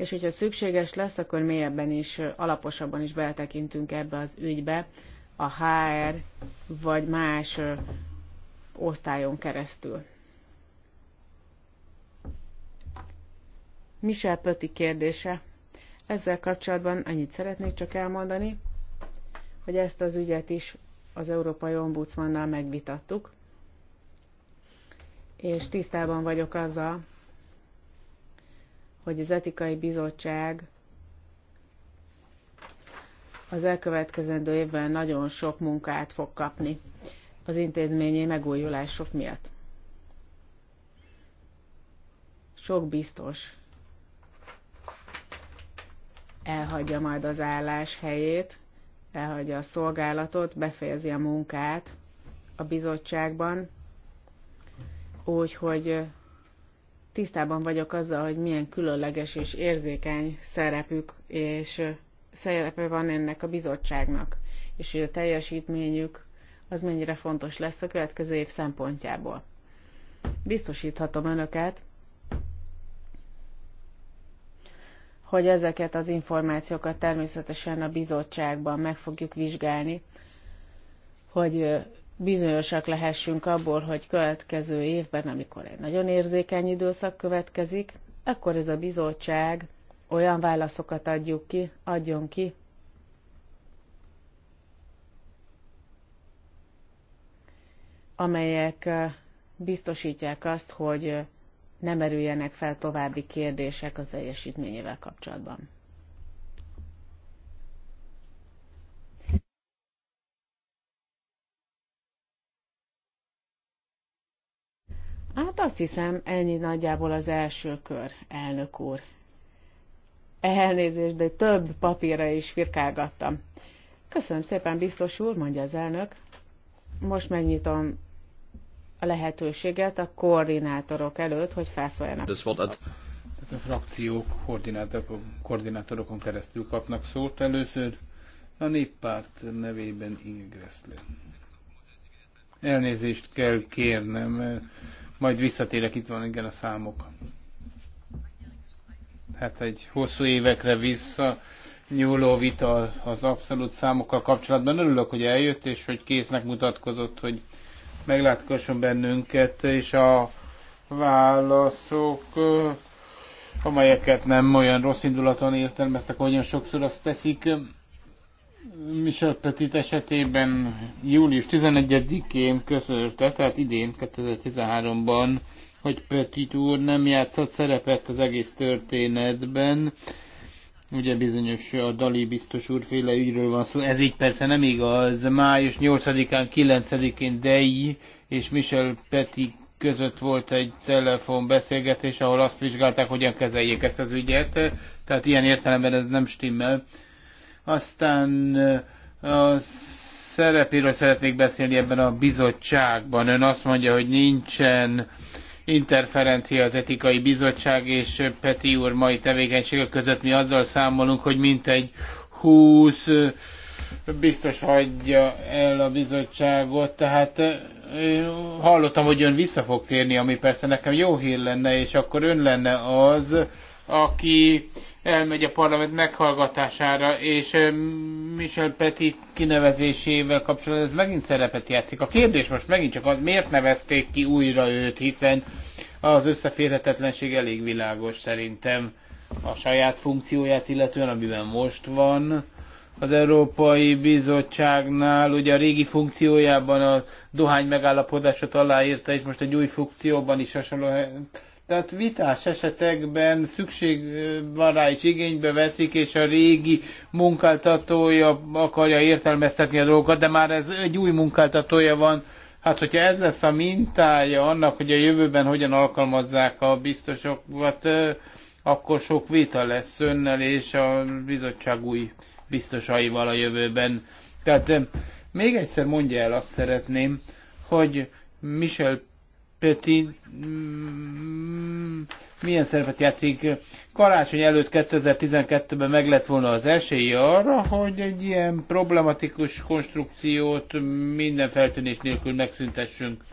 Speaker 1: és hogyha szükséges lesz, akkor mélyebben is, alaposabban is beletekintünk ebbe az ügybe, a HR vagy más osztályon keresztül. Michel Pöti kérdése. Ezzel kapcsolatban annyit szeretnék csak elmondani, hogy ezt az ügyet is az Európai Ombudsmannal megvitattuk, és tisztában vagyok azzal, hogy az etikai bizottság az elkövetkezendő évben nagyon sok munkát fog kapni az intézményi megújulások miatt. Sok biztos elhagyja majd az állás helyét, elhagyja a szolgálatot, befejezi a munkát a bizottságban, úgyhogy tisztában vagyok azzal, hogy milyen különleges és érzékeny szerepük és szerepe van ennek a bizottságnak, és hogy a teljesítményük az mennyire fontos lesz a következő év szempontjából. Biztosíthatom önöket, hogy ezeket az információkat természetesen a bizottságban meg fogjuk vizsgálni, hogy bizonyosak lehessünk abból, hogy következő évben, amikor egy nagyon érzékeny időszak következik, akkor ez a bizottság olyan válaszokat adjuk ki, adjon ki, amelyek biztosítják azt, hogy nem erüljenek fel további kérdések az teljesítményével kapcsolatban. Hát azt hiszem, ennyi nagyjából az első kör, elnök úr. Elnézést, de több papírra is firkálgattam. Köszönöm szépen, biztos úr, mondja az elnök. Most megnyitom a lehetőséget a koordinátorok előtt, hogy felszóljanak. Tehát
Speaker 2: a frakciók koordinátorokon keresztül kapnak szót. Először a néppárt nevében Inge Elnézést kell kérnem, majd visszatérek, itt van igen a számok. Hát egy hosszú évekre vissza nyúló vita az abszolút számokkal kapcsolatban. Örülök, hogy eljött, és hogy késznek mutatkozott, hogy meglátogasson bennünket, és a válaszok, amelyeket nem olyan rossz indulaton értelmeztek, olyan sokszor azt teszik, Michel Petit esetében július 11-én közölte, tehát idén 2013-ban, hogy Petit úr nem játszott szerepet az egész történetben. Ugye bizonyos a Dali biztos úrféle ügyről van szó, ez így persze nem igaz. Május 8-án, 9-én Dei és Michel Petit között volt egy telefonbeszélgetés, ahol azt vizsgálták, hogyan kezeljék ezt az ügyet. Tehát ilyen értelemben ez nem stimmel. Aztán a szerepéről szeretnék beszélni ebben a bizottságban. Ön azt mondja, hogy nincsen interferencia az etikai bizottság és Peti úr mai tevékenysége között. Mi azzal számolunk, hogy mintegy 20 biztos hagyja el a bizottságot, tehát hallottam, hogy ön vissza fog térni, ami persze nekem jó hír lenne, és akkor ön lenne az, aki elmegy a parlament meghallgatására, és Michel Petit kinevezésével kapcsolatban ez megint szerepet játszik. A kérdés most megint csak az, miért nevezték ki újra őt, hiszen az összeférhetetlenség elég világos szerintem a saját funkcióját illetően, amiben most van az Európai Bizottságnál, ugye a régi funkciójában a dohány megállapodásot aláírta, és most egy új funkcióban is hasonló tehát vitás esetekben szükség van rá és igénybe veszik, és a régi munkáltatója akarja értelmeztetni a dolgokat, de már ez egy új munkáltatója van. Hát, hogyha ez lesz a mintája annak, hogy a jövőben hogyan alkalmazzák a biztosokat, akkor sok vita lesz önnel és a bizottság új biztosaival a jövőben. Tehát még egyszer mondja el azt szeretném, hogy Michel Peti mm, milyen szerepet játszik? Karácsony előtt 2012-ben meg lett volna az esély arra, hogy egy ilyen problematikus konstrukciót minden feltűnés nélkül megszüntessünk.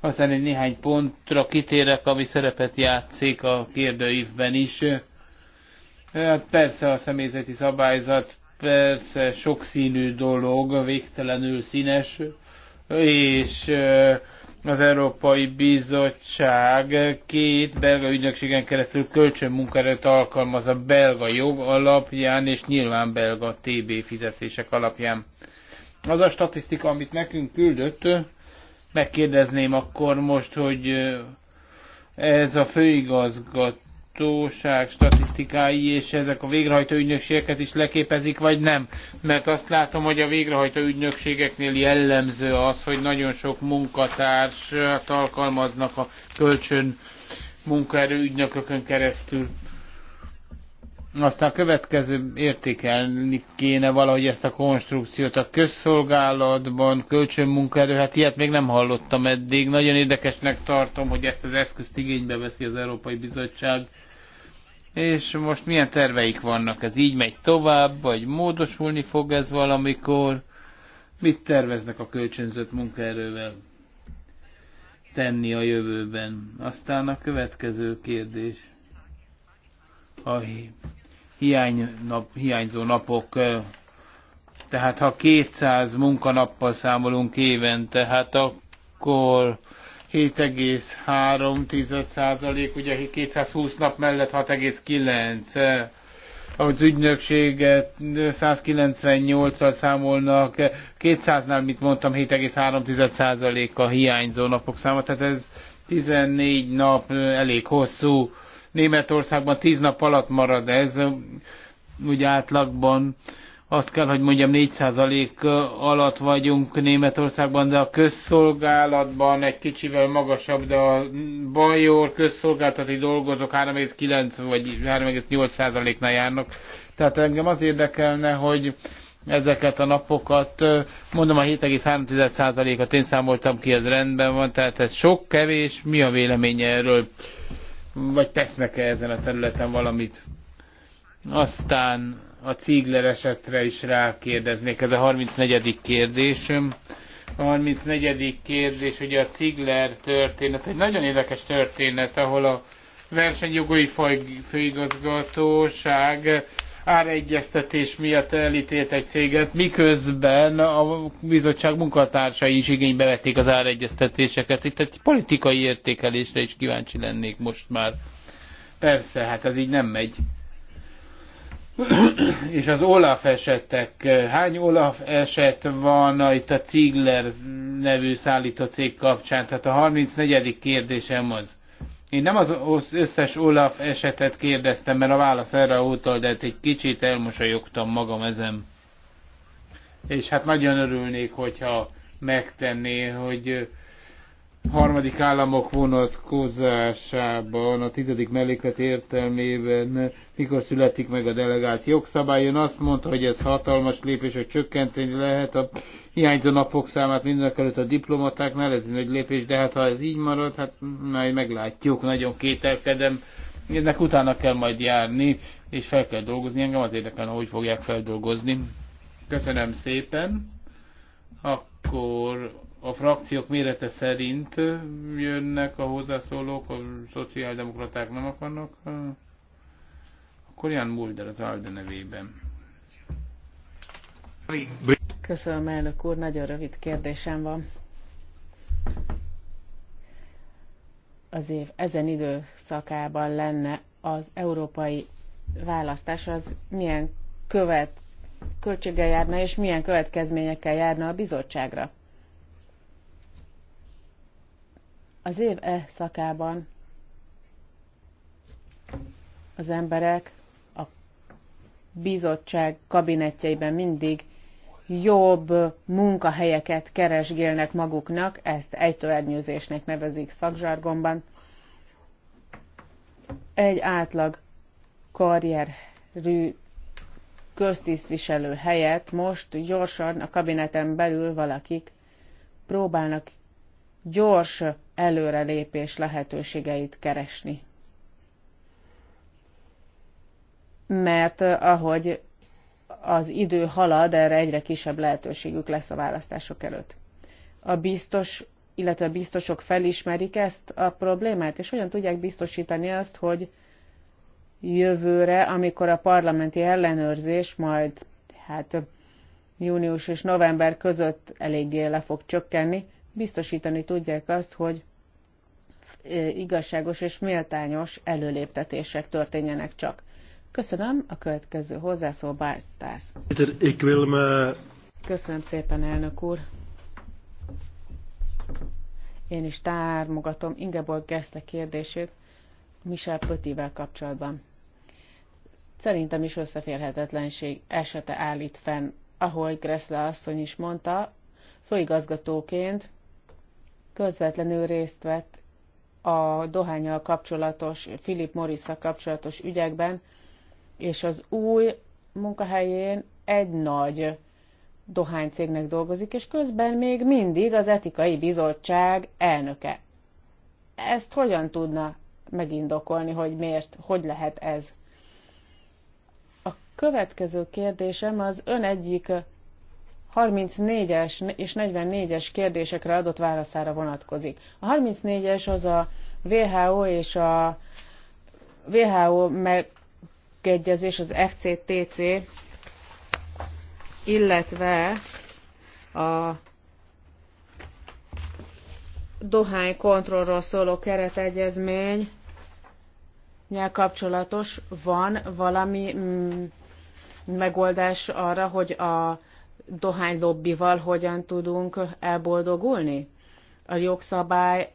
Speaker 2: Aztán egy néhány pontra kitérek, ami szerepet játszik a kérdőívben is. Hát persze a személyzeti szabályzat, persze sokszínű dolog, végtelenül színes, és az Európai Bizottság két belga ügynökségen keresztül kölcsönmunkaerőt alkalmaz a belga jog alapján, és nyilván belga TB fizetések alapján. Az a statisztika, amit nekünk küldött, megkérdezném akkor most, hogy ez a főigazgat, hatóság statisztikái és ezek a végrehajtó ügynökségeket is leképezik, vagy nem? Mert azt látom, hogy a végrehajtó ügynökségeknél jellemző az, hogy nagyon sok munkatársat alkalmaznak a kölcsön munkaerő ügynökökön keresztül. Aztán a következő értékelni kéne valahogy ezt a konstrukciót a közszolgálatban, kölcsönmunkaerő, hát ilyet még nem hallottam eddig. Nagyon érdekesnek tartom, hogy ezt az eszközt igénybe veszi az Európai Bizottság. És most milyen terveik vannak? Ez így megy tovább, vagy módosulni fog ez valamikor? Mit terveznek a kölcsönzött munkaerővel tenni a jövőben? Aztán a következő kérdés. A hiány nap, hiányzó napok tehát ha 200 munkanappal számolunk évente, hát akkor 7,3 ugye 220 nap mellett 6,9 az ügynökséget 198-al számolnak, 200-nál, mit mondtam, 7,3 a hiányzó napok száma, tehát ez 14 nap elég hosszú. Németországban 10 nap alatt marad ez, úgy átlagban azt kell, hogy mondjam, 4% alatt vagyunk Németországban, de a közszolgálatban egy kicsivel magasabb, de a bajor közszolgáltati dolgozók 3,9 vagy 3,8%-nál járnak. Tehát engem az érdekelne, hogy ezeket a napokat, mondom a 7,3%-at én számoltam ki, ez rendben van, tehát ez sok, kevés, mi a véleménye erről? Vagy tesznek-e ezen a területen valamit? Aztán a Cigler esetre is rákérdeznék. Ez a 34. kérdésem. A 34. kérdés, ugye a Cigler történet, egy nagyon érdekes történet, ahol a versenyjogai főigazgatóság áregyeztetés miatt elítélt egy céget, miközben a bizottság munkatársai is igénybe vették az áregyeztetéseket. Itt egy politikai értékelésre is kíváncsi lennék most már. Persze, hát ez így nem megy. és az Olaf esetek, hány Olaf eset van itt a Ziegler nevű szállító cég kapcsán? Tehát a 34. kérdésem az. Én nem az összes Olaf esetet kérdeztem, mert a válasz erre utal, de hát egy kicsit elmosolyogtam magam ezen. És hát nagyon örülnék, hogyha megtenné, hogy harmadik államok vonatkozásában a tizedik melléklet értelmében, mikor születik meg a delegált jogszabály, ön azt mondta, hogy ez hatalmas lépés, hogy csökkenteni lehet a hiányzó napok számát mindenek előtt a diplomatáknál, ez egy nagy lépés, de hát ha ez így marad, hát majd meglátjuk, nagyon kételkedem. Ennek utána kell majd járni, és fel kell dolgozni, engem az érdekel, hogy fogják feldolgozni. Köszönöm szépen. Akkor a frakciók mérete szerint jönnek a hozzászólók, a szociáldemokraták nem akarnak. Akkor Jan Mulder az Alde nevében.
Speaker 1: Köszönöm, elnök úr, nagyon rövid kérdésem van. Az év ezen időszakában lenne az európai választás, az milyen követ, költséggel járna, és milyen következményekkel járna a bizottságra? Az év e szakában az emberek a bizottság kabinetjeiben mindig jobb munkahelyeket keresgélnek maguknak, ezt ejtőernyőzésnek nevezik szakzsargonban. Egy átlag karrierű köztisztviselő helyett most gyorsan a kabineten belül valakik próbálnak gyors előrelépés lehetőségeit keresni. Mert eh, ahogy az idő halad, erre egyre kisebb lehetőségük lesz a választások előtt. A biztos, illetve a biztosok felismerik ezt a problémát, és hogyan tudják biztosítani azt, hogy jövőre, amikor a parlamenti ellenőrzés majd hát június és november között eléggé le fog csökkenni, biztosítani tudják azt, hogy e, igazságos és méltányos előléptetések történjenek csak. Köszönöm, a következő hozzászól Bart Stars. Köszönöm szépen, elnök úr. Én is támogatom Ingeborg Geszle kérdését Michel Pötivel kapcsolatban. Szerintem is összeférhetetlenség esete állít fenn, ahogy Gressle asszony is mondta, főigazgatóként közvetlenül részt vett a dohányjal kapcsolatos, Philip morris kapcsolatos ügyekben, és az új munkahelyén egy nagy dohánycégnek dolgozik, és közben még mindig az etikai bizottság elnöke. Ezt hogyan tudna megindokolni, hogy miért, hogy lehet ez? A következő kérdésem az ön egyik 34-es és 44-es kérdésekre adott válaszára vonatkozik. A 34-es az a WHO és a WHO megegyezés, az FCTC, illetve a kontrollról szóló keretegyezmény kapcsolatos van valami mm, megoldás arra, hogy a dohánylobbival hogyan tudunk elboldogulni? A jogszabály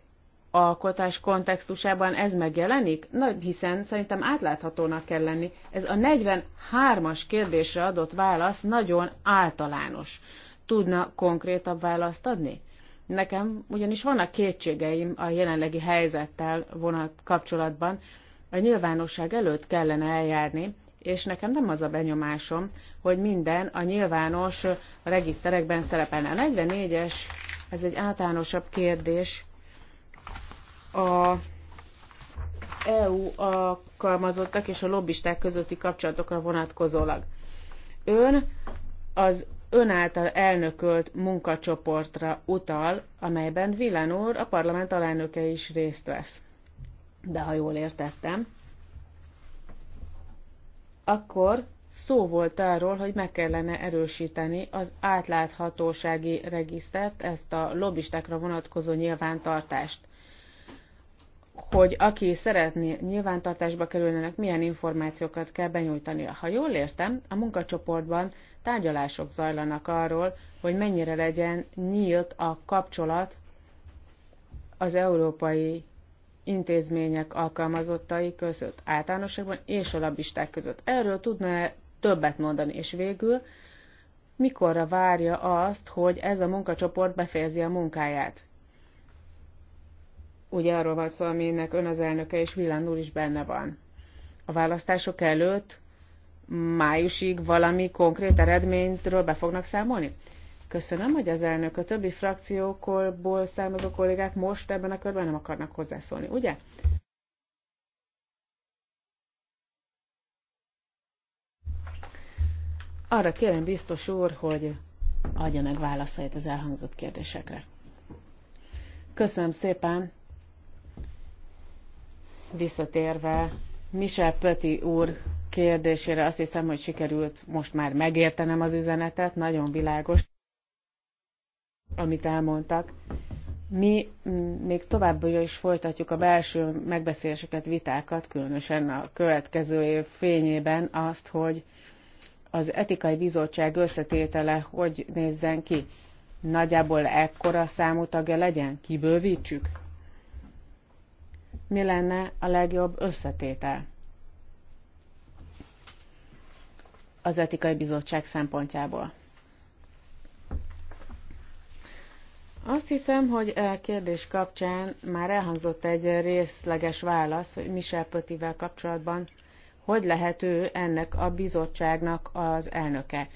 Speaker 1: alkotás kontextusában ez megjelenik? Na, hiszen szerintem átláthatónak kell lenni. Ez a 43-as kérdésre adott válasz nagyon általános. Tudna konkrétabb választ adni? Nekem ugyanis vannak kétségeim a jelenlegi helyzettel vonat kapcsolatban. A nyilvánosság előtt kellene eljárni, és nekem nem az a benyomásom, hogy minden a nyilvános regiszterekben szerepelne. A 44-es, ez egy általánosabb kérdés, a EU alkalmazottak és a lobbisták közötti kapcsolatokra vonatkozólag. Ön az ön által elnökölt munkacsoportra utal, amelyben Villan úr, a parlament alelnöke is részt vesz. De ha jól értettem, akkor szó volt arról, hogy meg kellene erősíteni az átláthatósági regisztert, ezt a lobbistákra vonatkozó nyilvántartást. Hogy aki szeretné nyilvántartásba kerülnének, milyen információkat kell benyújtania. Ha jól értem, a munkacsoportban tárgyalások zajlanak arról, hogy mennyire legyen nyílt a kapcsolat az európai intézmények alkalmazottai között általánosságban és a labisták között. Erről tudna -e többet mondani. És végül, mikorra várja azt, hogy ez a munkacsoport befejezi a munkáját? Ugye arról van szó, aminek ön az elnöke és Villán úr is benne van. A választások előtt májusig valami konkrét eredményről be fognak számolni? Köszönöm, hogy az elnök a többi frakciókból származó kollégák most ebben a körben nem akarnak hozzászólni, ugye? Arra kérem biztos úr, hogy adja meg válaszait az elhangzott kérdésekre. Köszönöm szépen. Visszatérve Michel Pöti úr kérdésére azt hiszem, hogy sikerült most már megértenem az üzenetet, nagyon világos, amit elmondtak. Mi még továbbra is folytatjuk a belső megbeszéléseket, vitákat, különösen a következő év fényében azt, hogy az etikai bizottság összetétele hogy nézzen ki? Nagyjából ekkora számú tagja legyen? Kibővítsük? Mi lenne a legjobb összetétel? Az etikai bizottság szempontjából. Azt hiszem, hogy a e kérdés kapcsán már elhangzott egy részleges válasz, hogy Michel Pötivel kapcsolatban hogy lehet ő ennek a bizottságnak az elnöke.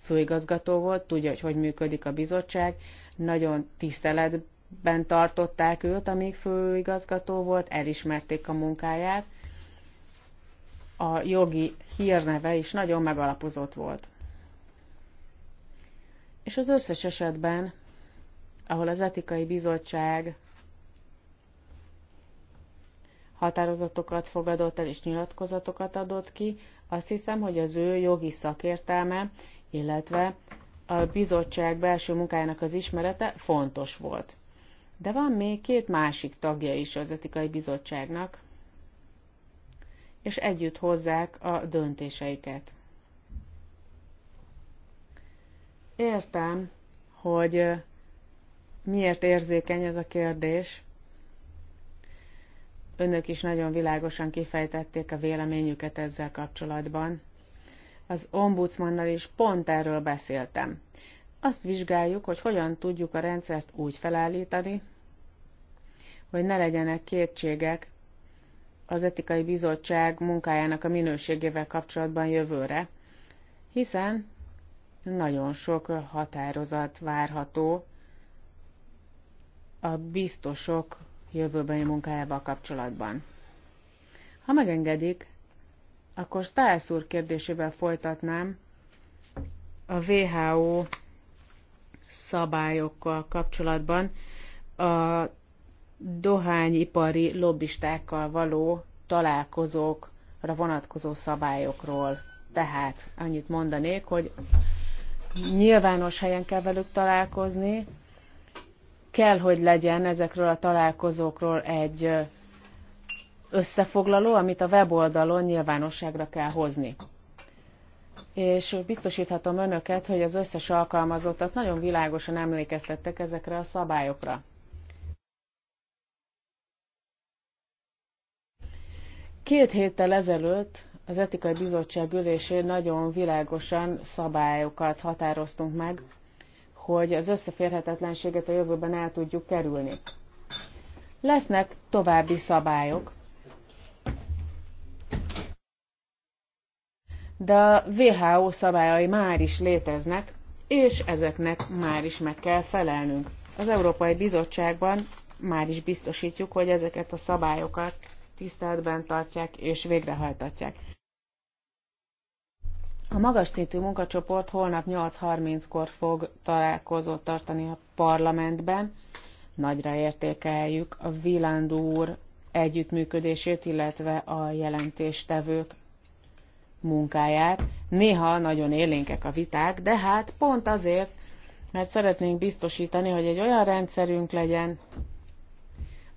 Speaker 1: Főigazgató volt, tudja, hogy hogy működik a bizottság, nagyon tiszteletben tartották őt, amíg főigazgató volt, elismerték a munkáját. A jogi hírneve is nagyon megalapozott volt. És az összes esetben, ahol az etikai bizottság határozatokat fogadott el és nyilatkozatokat adott ki. Azt hiszem, hogy az ő jogi szakértelme, illetve a bizottság belső munkájának az ismerete fontos volt. De van még két másik tagja is az etikai bizottságnak, és együtt hozzák a döntéseiket. Értem, hogy miért érzékeny ez a kérdés, Önök is nagyon világosan kifejtették a véleményüket ezzel kapcsolatban. Az ombudsmannal is pont erről beszéltem. Azt vizsgáljuk, hogy hogyan tudjuk a rendszert úgy felállítani, hogy ne legyenek kétségek az etikai bizottság munkájának a minőségével kapcsolatban jövőre, hiszen nagyon sok határozat várható a biztosok jövőbeni munkájával kapcsolatban. Ha megengedik, akkor Stiles úr kérdésével folytatnám a WHO szabályokkal kapcsolatban a dohányipari lobbistákkal való találkozókra vonatkozó szabályokról. Tehát annyit mondanék, hogy nyilvános helyen kell velük találkozni, kell, hogy legyen ezekről a találkozókról egy összefoglaló, amit a weboldalon nyilvánosságra kell hozni. És biztosíthatom önöket, hogy az összes alkalmazottat nagyon világosan emlékeztettek ezekre a szabályokra. Két héttel ezelőtt az Etikai Bizottság ülésén nagyon világosan szabályokat határoztunk meg, hogy az összeférhetetlenséget a jövőben el tudjuk kerülni. Lesznek további szabályok, de a WHO szabályai már is léteznek, és ezeknek már is meg kell felelnünk. Az Európai Bizottságban már is biztosítjuk, hogy ezeket a szabályokat tiszteletben tartják és végrehajtatják. A magas szintű munkacsoport holnap 8.30-kor fog találkozót tartani a parlamentben. Nagyra értékeljük a Vilándú úr együttműködését, illetve a jelentéstevők munkáját. Néha nagyon élénkek a viták, de hát pont azért, mert szeretnénk biztosítani, hogy egy olyan rendszerünk legyen,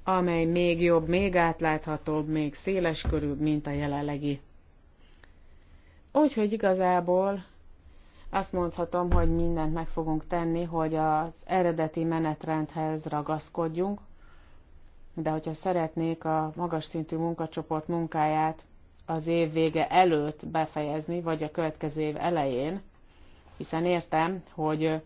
Speaker 1: amely még jobb, még átláthatóbb, még széles körül, mint a jelenlegi. Úgyhogy igazából azt mondhatom, hogy mindent meg fogunk tenni, hogy az eredeti menetrendhez ragaszkodjunk, de hogyha szeretnék a magas szintű munkacsoport munkáját az év vége előtt befejezni, vagy a következő év elején, hiszen értem, hogy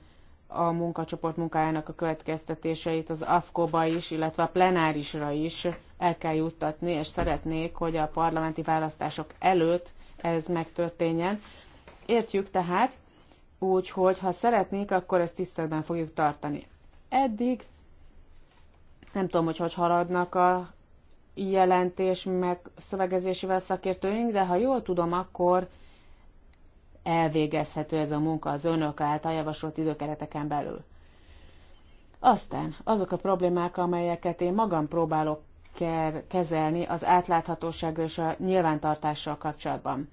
Speaker 1: a munkacsoport munkájának a következtetéseit az AFKO-ba is, illetve a plenárisra is el kell juttatni, és szeretnék, hogy a parlamenti választások előtt ez megtörténjen. Értjük tehát, úgyhogy ha szeretnék, akkor ezt tiszteletben fogjuk tartani. Eddig nem tudom, hogy hogy haladnak a jelentés meg szövegezésével szakértőink, de ha jól tudom, akkor elvégezhető ez a munka az önök által javasolt időkereteken belül. Aztán azok a problémák, amelyeket én magam próbálok kell kezelni az átláthatóság és a nyilvántartással kapcsolatban.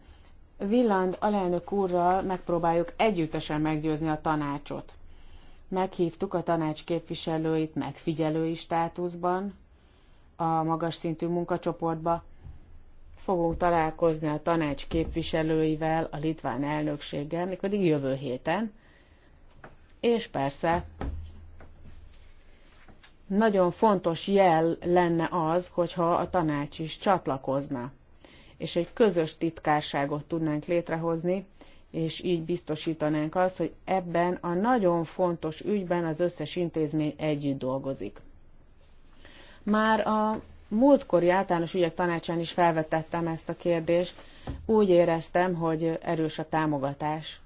Speaker 1: Villand alelnök úrral megpróbáljuk együttesen meggyőzni a tanácsot. Meghívtuk a tanács képviselőit megfigyelői státuszban, a magas szintű munkacsoportba. Fogunk találkozni a tanács képviselőivel, a litván elnökséggel, mikor jövő héten, és persze nagyon fontos jel lenne az, hogyha a tanács is csatlakozna, és egy közös titkárságot tudnánk létrehozni, és így biztosítanánk azt, hogy ebben a nagyon fontos ügyben az összes intézmény együtt dolgozik. Már a múltkori általános ügyek tanácsán is felvetettem ezt a kérdést, úgy éreztem, hogy erős a támogatás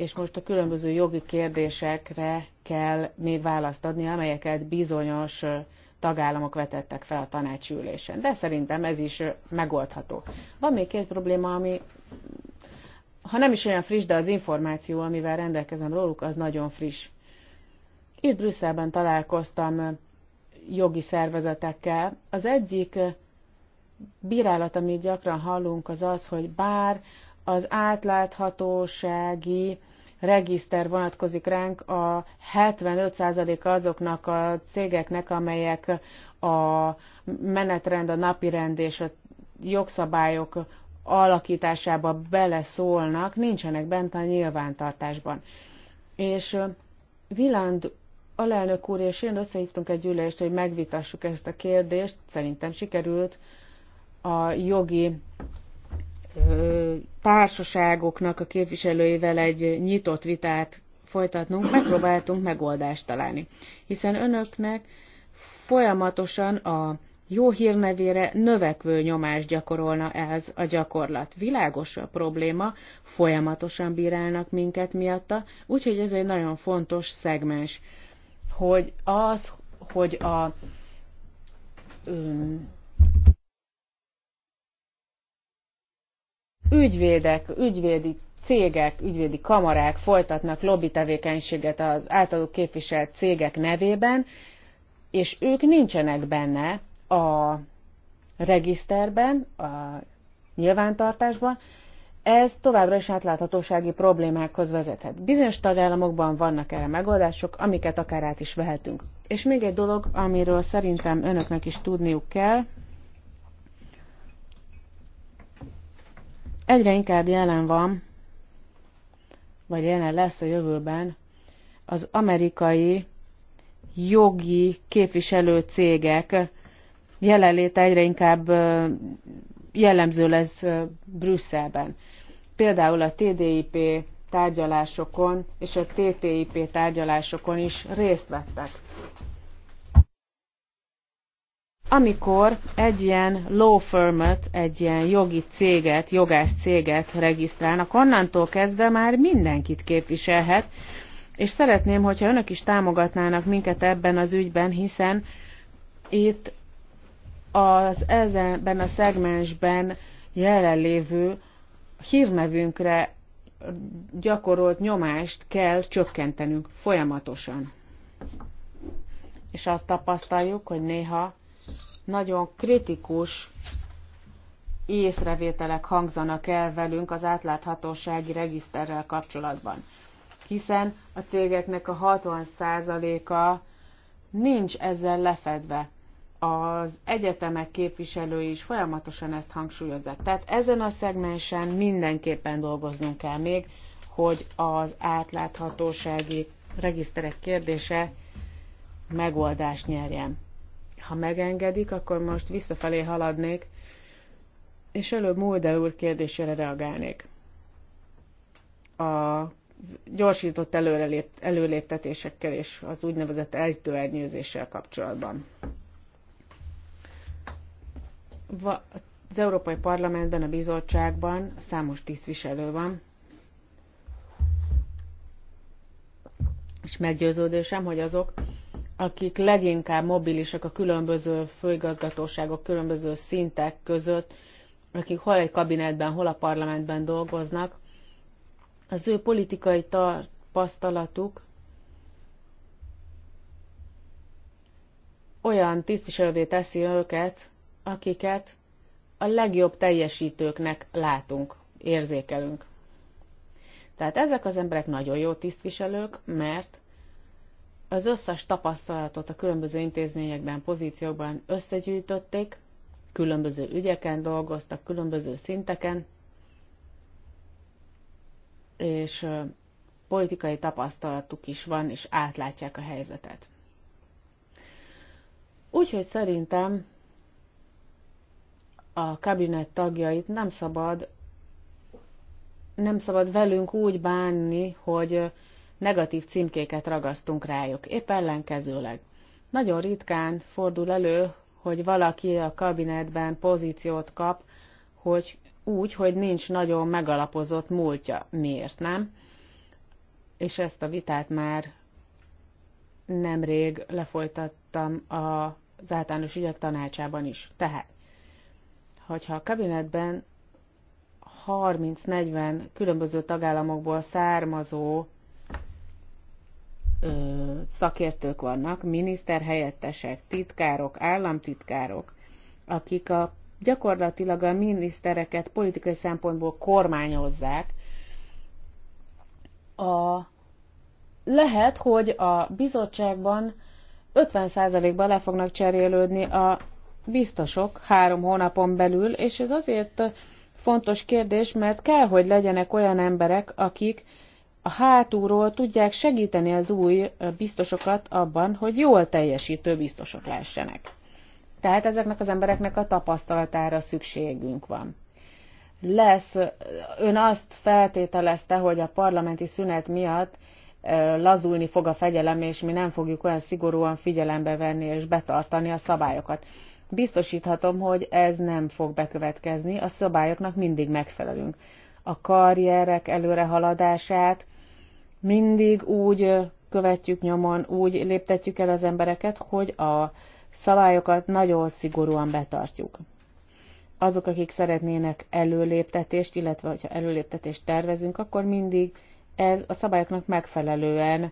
Speaker 1: és most a különböző jogi kérdésekre kell még választ adni, amelyeket bizonyos tagállamok vetettek fel a tanácsi ülésen. De szerintem ez is megoldható. Van még két probléma, ami ha nem is olyan friss, de az információ, amivel rendelkezem róluk, az nagyon friss. Itt Brüsszelben találkoztam jogi szervezetekkel. Az egyik bírálat, amit gyakran hallunk, az az, hogy bár az átláthatósági regiszter vonatkozik ránk, a 75%-a azoknak a cégeknek, amelyek a menetrend, a napirend és a jogszabályok alakításába beleszólnak, nincsenek bent a nyilvántartásban. És Viland alelnök úr és én összehívtunk egy ülést, hogy megvitassuk ezt a kérdést, szerintem sikerült a jogi társaságoknak a képviselőivel egy nyitott vitát folytatnunk, megpróbáltunk megoldást találni. Hiszen önöknek folyamatosan a jó hírnevére növekvő nyomást gyakorolna ez a gyakorlat. Világos a probléma, folyamatosan bírálnak minket miatta, úgyhogy ez egy nagyon fontos szegmens, hogy az, hogy a ügyvédek, ügyvédi cégek, ügyvédi kamarák folytatnak lobby tevékenységet az általuk képviselt cégek nevében, és ők nincsenek benne a regiszterben, a nyilvántartásban, ez továbbra is átláthatósági problémákhoz vezethet. Bizonyos tagállamokban vannak erre megoldások, amiket akár át is vehetünk. És még egy dolog, amiről szerintem önöknek is tudniuk kell, egyre inkább jelen van, vagy jelen lesz a jövőben az amerikai jogi képviselő cégek jelenléte egyre inkább jellemző lesz Brüsszelben. Például a TDIP tárgyalásokon és a TTIP tárgyalásokon is részt vettek amikor egy ilyen law firmet, egy ilyen jogi céget, jogász céget regisztrálnak, onnantól kezdve már mindenkit képviselhet, és szeretném, hogyha önök is támogatnának minket ebben az ügyben, hiszen itt az ezenben a szegmensben jelenlévő hírnevünkre gyakorolt nyomást kell csökkentenünk folyamatosan. És azt tapasztaljuk, hogy néha nagyon kritikus észrevételek hangzanak el velünk az átláthatósági regiszterrel kapcsolatban. Hiszen a cégeknek a 60%-a nincs ezzel lefedve. Az egyetemek képviselői is folyamatosan ezt hangsúlyozzák. Tehát ezen a szegmensen mindenképpen dolgoznunk kell még, hogy az átláthatósági regiszterek kérdése megoldást nyerjen. Ha megengedik, akkor most visszafelé haladnék, és előbb Mulder úr kérdésére reagálnék. A gyorsított előrelép, előléptetésekkel és az úgynevezett eltőernyőzéssel kapcsolatban. Va, az Európai Parlamentben, a bizottságban számos tisztviselő van, és meggyőződésem, hogy azok, akik leginkább mobilisak a különböző főigazgatóságok, különböző szintek között, akik hol egy kabinetben, hol a parlamentben dolgoznak, az ő politikai tapasztalatuk olyan tisztviselővé teszi őket, akiket a legjobb teljesítőknek látunk, érzékelünk. Tehát ezek az emberek nagyon jó tisztviselők, mert az összes tapasztalatot a különböző intézményekben, pozíciókban összegyűjtötték, különböző ügyeken dolgoztak, különböző szinteken, és politikai tapasztalatuk is van, és átlátják a helyzetet. Úgyhogy szerintem a kabinet tagjait nem szabad nem szabad velünk úgy bánni, hogy negatív címkéket ragasztunk rájuk. Épp ellenkezőleg. Nagyon ritkán fordul elő, hogy valaki a kabinetben pozíciót kap, hogy úgy, hogy nincs nagyon megalapozott múltja. Miért nem? És ezt a vitát már nemrég lefolytattam az általános ügyek tanácsában is. Tehát, hogyha a kabinetben 30-40 különböző tagállamokból származó ö, szakértők vannak, miniszterhelyettesek, titkárok, államtitkárok, akik a, gyakorlatilag a minisztereket politikai szempontból kormányozzák. A, lehet, hogy a bizottságban 50%-ban le fognak cserélődni a biztosok három hónapon belül, és ez azért fontos kérdés, mert kell, hogy legyenek olyan emberek, akik a hátulról tudják segíteni az új biztosokat abban, hogy jól teljesítő biztosok lássanak. Tehát ezeknek az embereknek a tapasztalatára szükségünk van. Lesz, ön azt feltételezte, hogy a parlamenti szünet miatt lazulni fog a fegyelem, és mi nem fogjuk olyan szigorúan figyelembe venni és betartani a szabályokat. Biztosíthatom, hogy ez nem fog bekövetkezni, a szabályoknak mindig megfelelünk. A karrierek előrehaladását mindig úgy követjük nyomon, úgy léptetjük el az embereket, hogy a szabályokat nagyon szigorúan betartjuk. Azok, akik szeretnének előléptetést, illetve hogyha előléptetést tervezünk, akkor mindig ez a szabályoknak megfelelően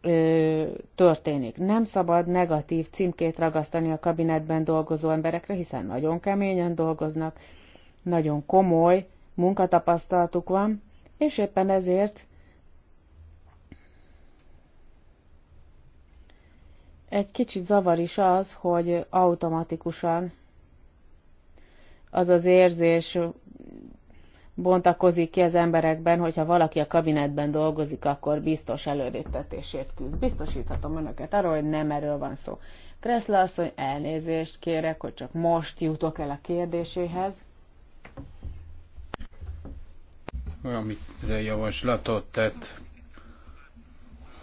Speaker 1: ö, történik. Nem szabad negatív címkét ragasztani a kabinetben dolgozó emberekre, hiszen nagyon keményen dolgoznak, nagyon komoly munkatapasztalatuk van, és éppen ezért Egy kicsit zavar is az, hogy automatikusan az az érzés bontakozik ki az emberekben, hogyha valaki a kabinetben dolgozik, akkor biztos előréptetésért küzd. Biztosíthatom önöket arról, hogy nem erről van szó. Kreszle asszony, elnézést kérek, hogy csak most jutok el a kérdéséhez.
Speaker 2: Amikre javaslatot tett,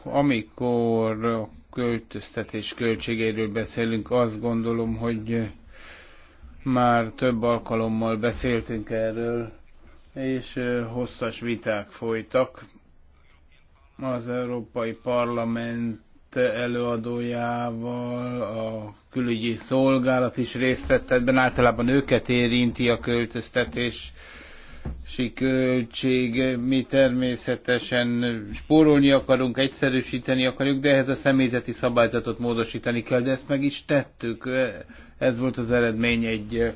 Speaker 2: amikor költöztetés költségeiről beszélünk, azt gondolom, hogy már több alkalommal beszéltünk erről, és hosszas viták folytak. Az Európai Parlament előadójával, a külügyi szolgálat is részt vett ebben, általában őket érinti a költöztetés költség, mi természetesen spórolni akarunk, egyszerűsíteni akarjuk, de ehhez a személyzeti szabályzatot módosítani kell, de ezt meg is tettük. Ez volt az eredmény, egy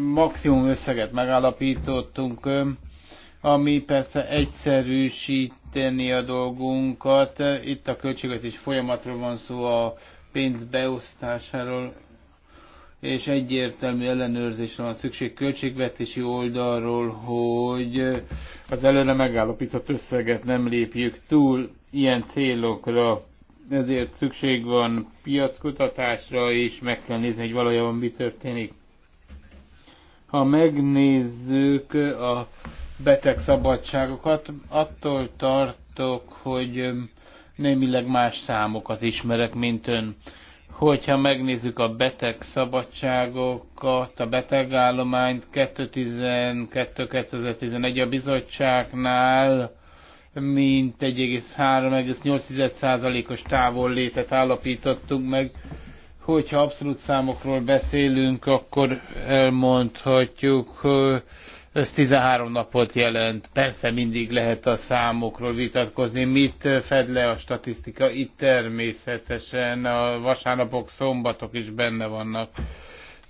Speaker 2: maximum összeget megállapítottunk, ami persze egyszerűsíteni a dolgunkat. Itt a is folyamatról van szó, a pénz beosztásáról és egyértelmű ellenőrzésre van szükség költségvetési oldalról, hogy az előre megállapított összeget nem lépjük túl ilyen célokra. Ezért szükség van piackutatásra, és meg kell nézni, hogy valójában mi történik. Ha megnézzük a beteg szabadságokat, attól tartok, hogy némileg más számokat ismerek, mint ön. Hogyha megnézzük a beteg szabadságokat, a betegállományt 2012-2011 a bizottságnál, mint 1,3-1,8%-os távol létet állapítottunk meg. Hogyha abszolút számokról beszélünk, akkor elmondhatjuk, hogy ez 13 napot jelent. Persze mindig lehet a számokról vitatkozni. Mit fed le a statisztika? Itt természetesen a vasárnapok, szombatok is benne vannak.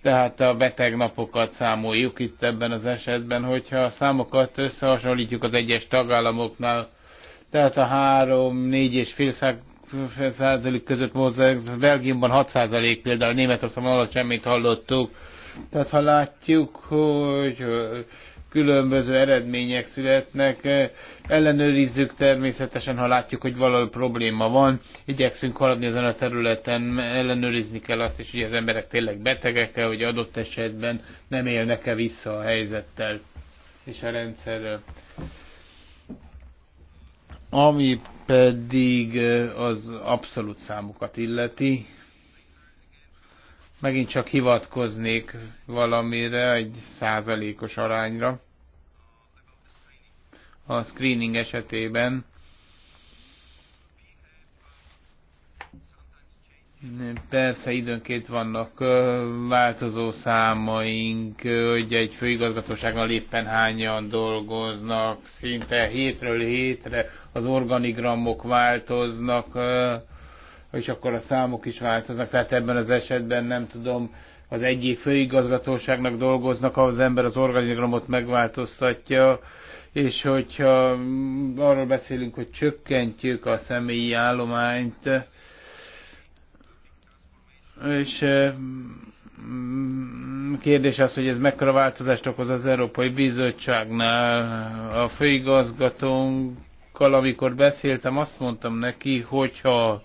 Speaker 2: Tehát a beteg napokat számoljuk itt ebben az esetben, hogyha a számokat összehasonlítjuk az egyes tagállamoknál, tehát a 3-4,5 százalék között mozog, Belgiumban 6 százalék például, Németországban alatt semmit hallottuk. Tehát ha látjuk, hogy különböző eredmények születnek. Ellenőrizzük természetesen, ha látjuk, hogy valahol probléma van. Igyekszünk haladni ezen a területen, ellenőrizni kell azt is, hogy az emberek tényleg betegek-e, hogy adott esetben nem élnek-e vissza a helyzettel és a rendszerrel. Ami pedig az abszolút számokat illeti, Megint csak hivatkoznék valamire, egy százalékos arányra. A screening esetében Persze időnként vannak változó számaink, hogy egy főigazgatóságnál éppen hányan dolgoznak, szinte hétről hétre az organigramok változnak, és akkor a számok is változnak. Tehát ebben az esetben nem tudom, az egyik főigazgatóságnak dolgoznak, az ember az organigramot megváltoztatja, és hogyha mm, arról beszélünk, hogy csökkentjük a személyi állományt, és eh, mm, kérdés az, hogy ez mekkora változást okoz az Európai Bizottságnál. A főigazgatónkkal, amikor beszéltem, azt mondtam neki, hogyha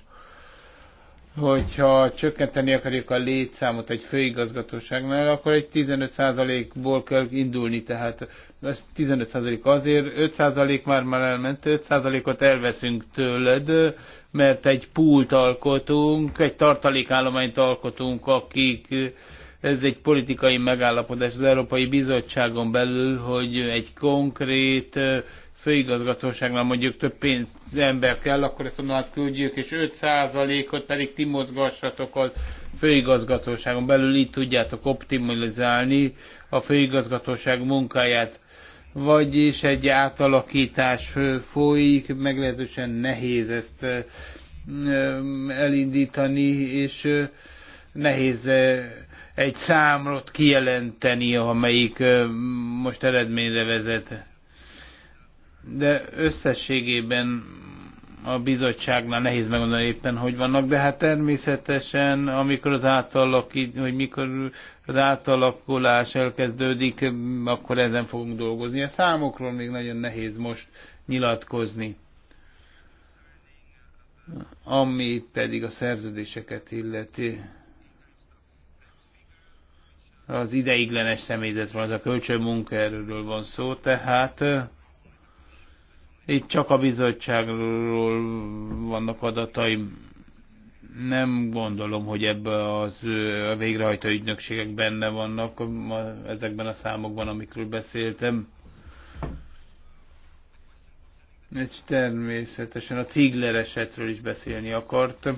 Speaker 2: hogyha csökkenteni akarjuk a létszámot egy főigazgatóságnál, akkor egy 15%-ból kell indulni, tehát ez 15% azért, 5% már már elment, 5%-ot elveszünk tőled, mert egy pult alkotunk, egy tartalékállományt alkotunk, akik ez egy politikai megállapodás az Európai Bizottságon belül, hogy egy konkrét főigazgatóságnál mondjuk több pénz ember kell, akkor ezt onnan hát küldjük, és 5%-ot pedig ti mozgassatok a főigazgatóságon belül, így tudjátok optimalizálni a főigazgatóság munkáját. Vagyis egy átalakítás folyik, meglehetősen nehéz ezt elindítani, és nehéz egy számot kijelenteni, amelyik most eredményre vezet de összességében a bizottságnál nehéz megmondani éppen, hogy vannak, de hát természetesen, amikor az átalak, hogy mikor az átalakulás elkezdődik, akkor ezen fogunk dolgozni. A számokról még nagyon nehéz most nyilatkozni. Ami pedig a szerződéseket illeti. Az ideiglenes személyzetről, az a munkaerőről van szó, tehát itt csak a bizottságról vannak adataim. Nem gondolom, hogy ebbe az, a végrehajtó ügynökségek benne vannak ezekben a számokban, amikről beszéltem. És természetesen a Cigler esetről is beszélni akartam.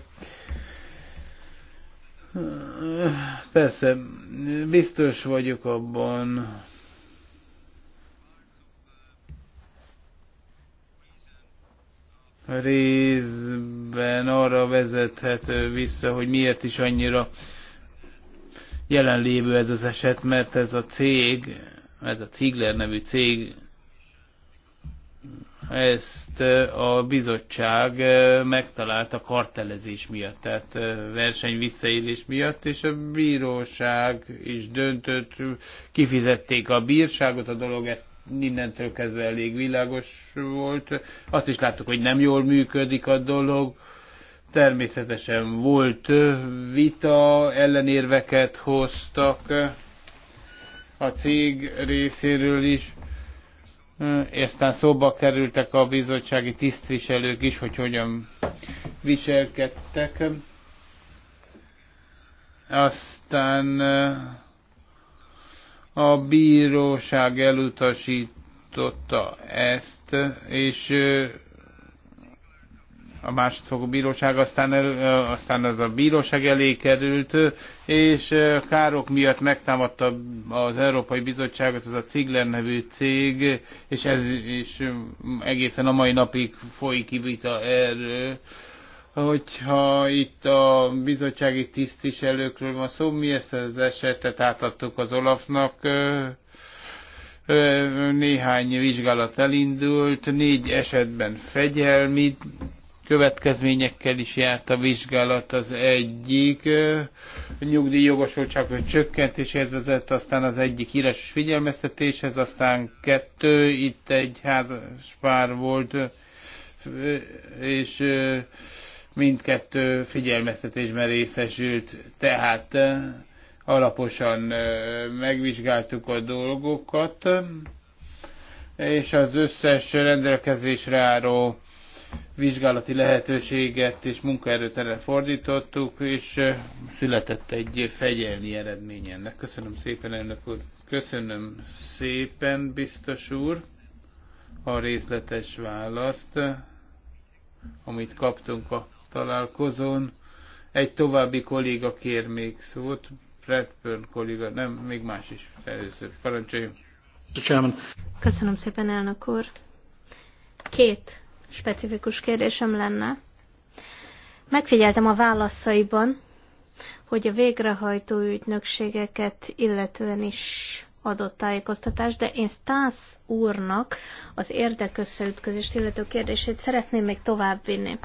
Speaker 2: Persze, biztos vagyok abban, részben arra vezethető vissza, hogy miért is annyira jelenlévő ez az eset, mert ez a cég, ez a Ziegler nevű cég ezt a bizottság megtalálta kartelezés miatt, tehát verseny visszaélés miatt, és a bíróság is döntött, kifizették a bírságot, a dolog mindentől kezdve elég világos volt. Azt is láttuk, hogy nem jól működik a dolog. Természetesen volt vita, ellenérveket hoztak a cég részéről is. Eztán aztán szóba kerültek a bizottsági tisztviselők is, hogy hogyan viselkedtek. Aztán a bíróság elutasította ezt, és a másodfokú bíróság, aztán, el, aztán az a bíróság elé került, és károk miatt megtámadta az Európai Bizottságot, az a Cigler nevű cég, és ez és egészen a mai napig folyik vita erről hogyha itt a bizottsági tisztviselőkről van szó, mi ezt az esetet átadtuk az Olafnak, néhány vizsgálat elindult, négy esetben fegyelmi következményekkel is járt a vizsgálat az egyik nyugdíjjogosultság csökkentéséhez vezet, aztán az egyik írásos figyelmeztetéshez, aztán kettő, itt egy házas pár volt, és mindkettő figyelmeztetésben részesült, tehát alaposan megvizsgáltuk a dolgokat, és az összes rendelkezésre álló vizsgálati lehetőséget és munkaerőt erre fordítottuk, és született egy fegyelmi eredmény ennek. Köszönöm szépen, elnök úr. Köszönöm szépen, biztos úr, a részletes választ, amit kaptunk a találkozón. Egy további kolléga kér még szót, Redburn kolléga, nem, még más is először. Parancsoljon.
Speaker 3: Köszönöm szépen, elnök úr. Két specifikus kérdésem lenne. Megfigyeltem a válaszaiban, hogy a végrehajtó ügynökségeket illetően is adott tájékoztatást, de én Stász úrnak az érdekösszeütközést illető kérdését szeretném még továbbvinni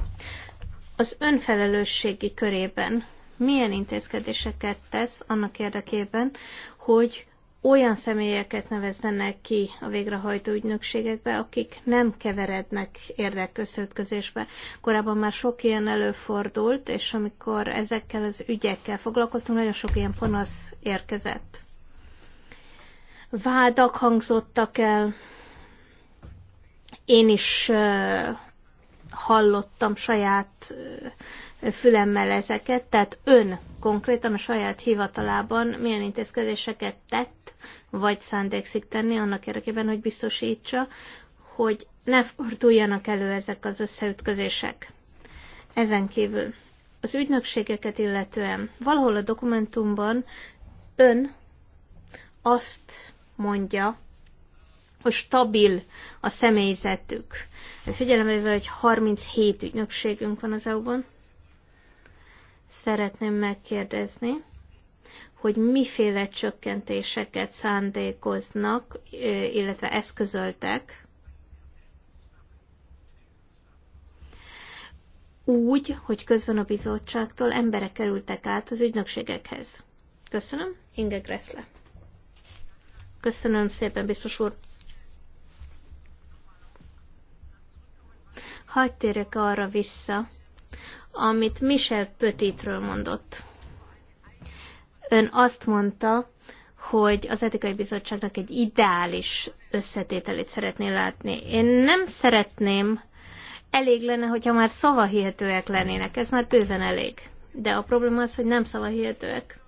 Speaker 3: az önfelelősségi körében milyen intézkedéseket tesz annak érdekében, hogy olyan személyeket nevezzenek ki a végrehajtó ügynökségekbe, akik nem keverednek érdekösszeütközésbe. Korábban már sok ilyen előfordult, és amikor ezekkel az ügyekkel foglalkoztunk, nagyon sok ilyen panasz érkezett. Vádak hangzottak el, én is hallottam saját fülemmel ezeket, tehát ön konkrétan a saját hivatalában milyen intézkedéseket tett, vagy szándékszik tenni annak érdekében, hogy biztosítsa, hogy ne forduljanak elő ezek az összeütközések. Ezen kívül az ügynökségeket illetően valahol a dokumentumban ön azt mondja, hogy stabil a személyzetük. Figyelembe hogy 37 ügynökségünk van az EU-ban, szeretném megkérdezni, hogy miféle csökkentéseket szándékoznak, illetve eszközöltek, úgy, hogy közben a bizottságtól emberek kerültek át az ügynökségekhez. Köszönöm, Inge Gressle. Köszönöm szépen, biztos úr. hagyd térek arra vissza, amit Michel Petitről mondott. Ön azt mondta, hogy az etikai bizottságnak egy ideális összetételét szeretné látni. Én nem szeretném, elég lenne, hogyha már szavahihetőek lennének, ez már bőven elég. De a probléma az, hogy nem szavahihetőek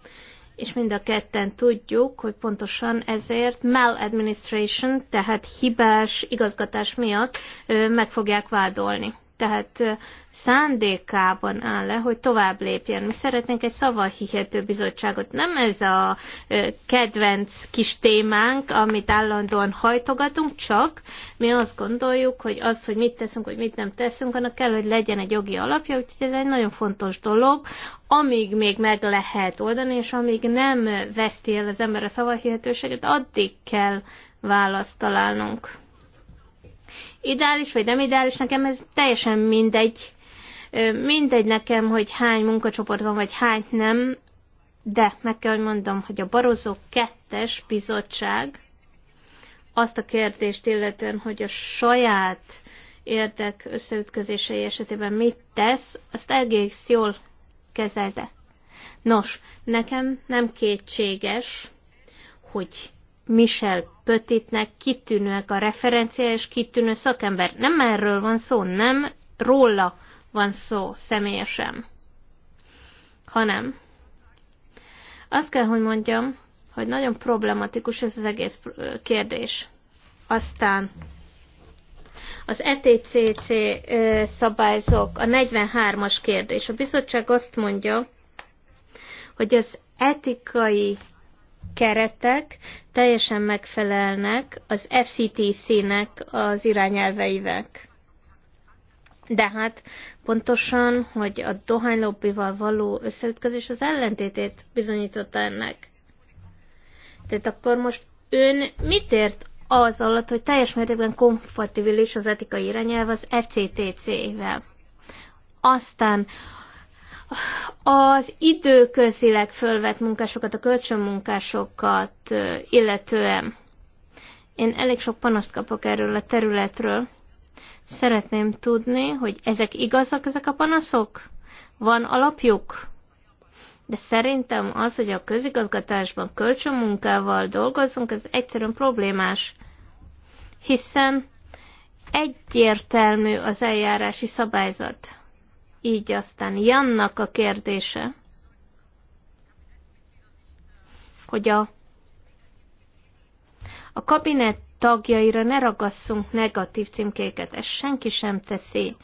Speaker 3: és mind a ketten tudjuk, hogy pontosan ezért maladministration, tehát hibás igazgatás miatt meg fogják vádolni tehát szándékában áll le, hogy tovább lépjen. Mi szeretnénk egy szavahihető bizottságot. Nem ez a kedvenc kis témánk, amit állandóan hajtogatunk, csak mi azt gondoljuk, hogy az, hogy mit teszünk, hogy mit nem teszünk, annak kell, hogy legyen egy jogi alapja, úgyhogy ez egy nagyon fontos dolog, amíg még meg lehet oldani, és amíg nem veszti el az ember a szavahihetőséget, addig kell választ találnunk ideális vagy nem ideális, nekem ez teljesen mindegy. Mindegy nekem, hogy hány munkacsoport van, vagy hány nem, de meg kell, hogy mondom, hogy a Barozó 2-es bizottság azt a kérdést illetően, hogy a saját érdek összeütközései esetében mit tesz, azt egész jól kezelte. Nos, nekem nem kétséges, hogy Michel Petitnek kitűnőek a referencia és kitűnő szakember. Nem erről van szó, nem róla van szó személyesen, hanem azt kell, hogy mondjam, hogy nagyon problematikus ez az egész kérdés. Aztán az ETCC szabályzók, a 43-as kérdés. A bizottság azt mondja, hogy az etikai keretek teljesen megfelelnek az FCTC-nek az irányelveivek. De hát pontosan, hogy a dohánylobbival való összeütközés az ellentétét bizonyította ennek. Tehát akkor most ön mit ért az alatt, hogy teljes mértékben kompatibilis az etikai irányelv az FCTC-vel? Aztán az időközileg fölvett munkásokat, a kölcsönmunkásokat illetően. Én elég sok panaszt kapok erről a területről. Szeretném tudni, hogy ezek igazak, ezek a panaszok? Van alapjuk? De szerintem az, hogy a közigazgatásban kölcsönmunkával dolgozunk, ez egyszerűen problémás. Hiszen egyértelmű az eljárási szabályzat így aztán Jannak a kérdése, hogy a, a kabinet tagjaira ne ragasszunk negatív címkéket, ezt senki sem teszi.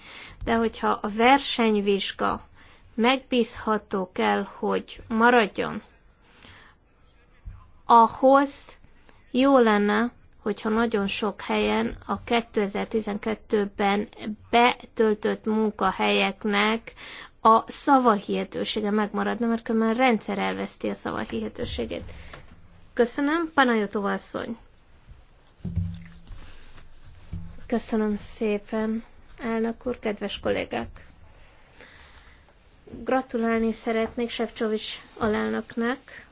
Speaker 3: De hogyha a versenyvizsga megbízható kell, hogy maradjon, ahhoz jó lenne, hogyha nagyon sok helyen a 2012-ben betöltött munkahelyeknek a szavahihetősége megmaradna, mert különben rendszer elveszti a szavahihetőségét. Köszönöm, Panajotó asszony. Köszönöm szépen, elnök úr, kedves kollégák. Gratulálni szeretnék Sefcsovics alelnöknek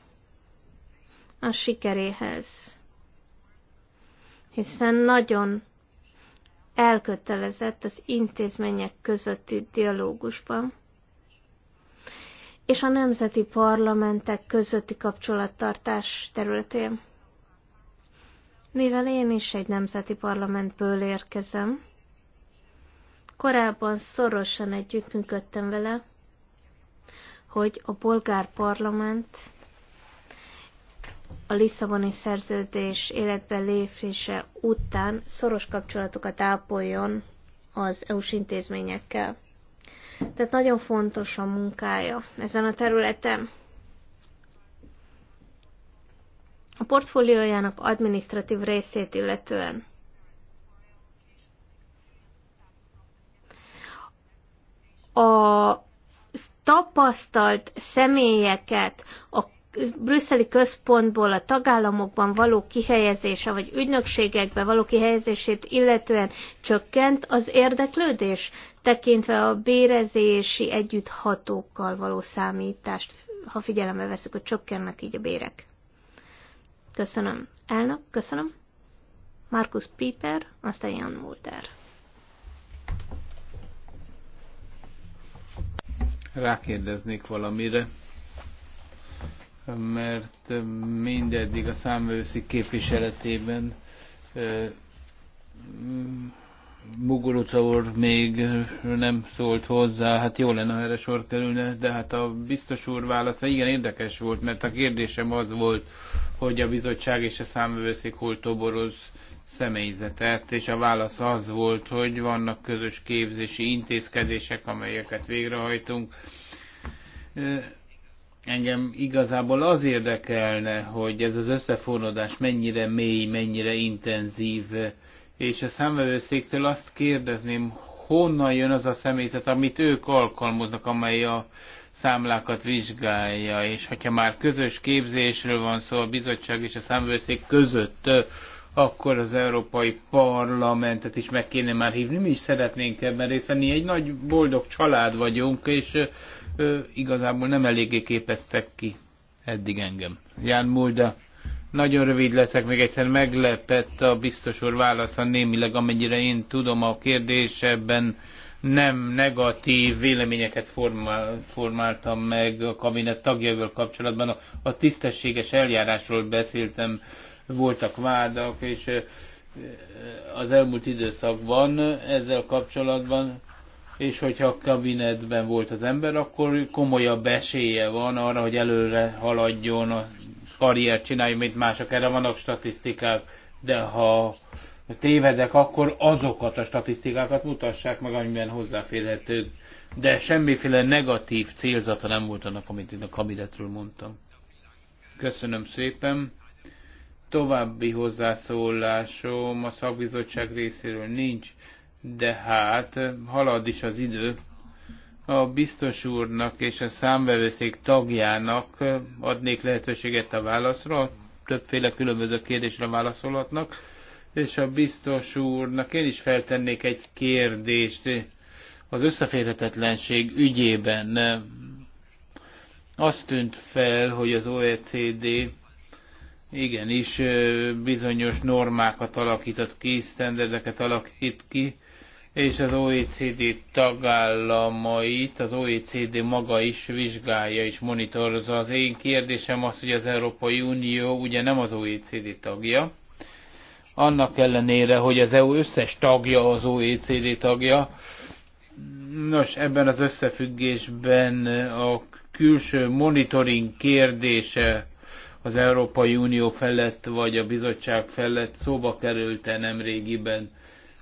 Speaker 3: a sikeréhez hiszen nagyon elkötelezett az intézmények közötti dialógusban, és a nemzeti parlamentek közötti kapcsolattartás területén. Mivel én is egy nemzeti parlamentből érkezem, korábban szorosan együttműködtem vele, hogy a polgárparlament parlament a Lisszaboni szerződés életbe lépése után szoros kapcsolatokat ápoljon az EU-s intézményekkel. Tehát nagyon fontos a munkája ezen a területen. A portfóliójának adminisztratív részét illetően a tapasztalt személyeket, a brüsszeli központból a tagállamokban való kihelyezése, vagy ügynökségekbe való kihelyezését illetően csökkent az érdeklődés, tekintve a bérezési együtthatókkal való számítást, ha figyelembe veszük, hogy csökkennek így a bérek. Köszönöm. Elnök, köszönöm. Markus Piper, aztán Jan Mulder.
Speaker 2: Rákérdeznék valamire mert mindeddig a számvőszi képviseletében Muguruca úr még nem szólt hozzá, hát jó lenne, ha erre sor kerülne, de hát a biztos úr válasza igen érdekes volt, mert a kérdésem az volt, hogy a bizottság és a számvőszék hol toboroz személyzetet, és a válasz az volt, hogy vannak közös képzési intézkedések, amelyeket végrehajtunk engem igazából az érdekelne, hogy ez az összefonódás mennyire mély, mennyire intenzív, és a számvevőszéktől azt kérdezném, honnan jön az a személyzet, amit ők alkalmaznak, amely a számlákat vizsgálja, és hogyha már közös képzésről van szó a bizottság és a számvevőszék között, akkor az Európai Parlamentet is meg kéne már hívni. Mi is szeretnénk ebben részt venni. Egy nagy boldog család vagyunk, és igazából nem eléggé képeztek ki eddig engem. Ján Mulda, nagyon rövid leszek, még egyszer meglepett a biztos úr válasza némileg, amennyire én tudom a kérdésebben nem negatív véleményeket formál, formáltam meg a kabinet tagjaival kapcsolatban. A, a tisztességes eljárásról beszéltem, voltak vádak, és az elmúlt időszakban ezzel kapcsolatban és hogyha a kabinetben volt az ember, akkor komolyabb esélye van arra, hogy előre haladjon, a karriert csináljon, mint mások. Erre vannak statisztikák, de ha tévedek, akkor azokat a statisztikákat mutassák meg, amiben hozzáférhetők. De semmiféle negatív célzata nem volt annak, amit én a kabinetről mondtam. Köszönöm szépen. További hozzászólásom a szakbizottság részéről nincs de hát halad is az idő. A biztos úrnak és a számvevőszék tagjának adnék lehetőséget a válaszra, többféle különböző kérdésre válaszolhatnak, és a biztos úrnak én is feltennék egy kérdést az összeférhetetlenség ügyében. Azt tűnt fel, hogy az OECD igenis bizonyos normákat alakított ki, sztenderdeket alakít ki, és az OECD tagállamait, az OECD maga is vizsgálja és monitorozza. Az én kérdésem az, hogy az Európai Unió ugye nem az OECD tagja, annak ellenére, hogy az EU összes tagja az OECD tagja. Nos, ebben az összefüggésben a külső monitoring kérdése az Európai Unió felett vagy a bizottság felett szóba került-e nemrégiben. régiben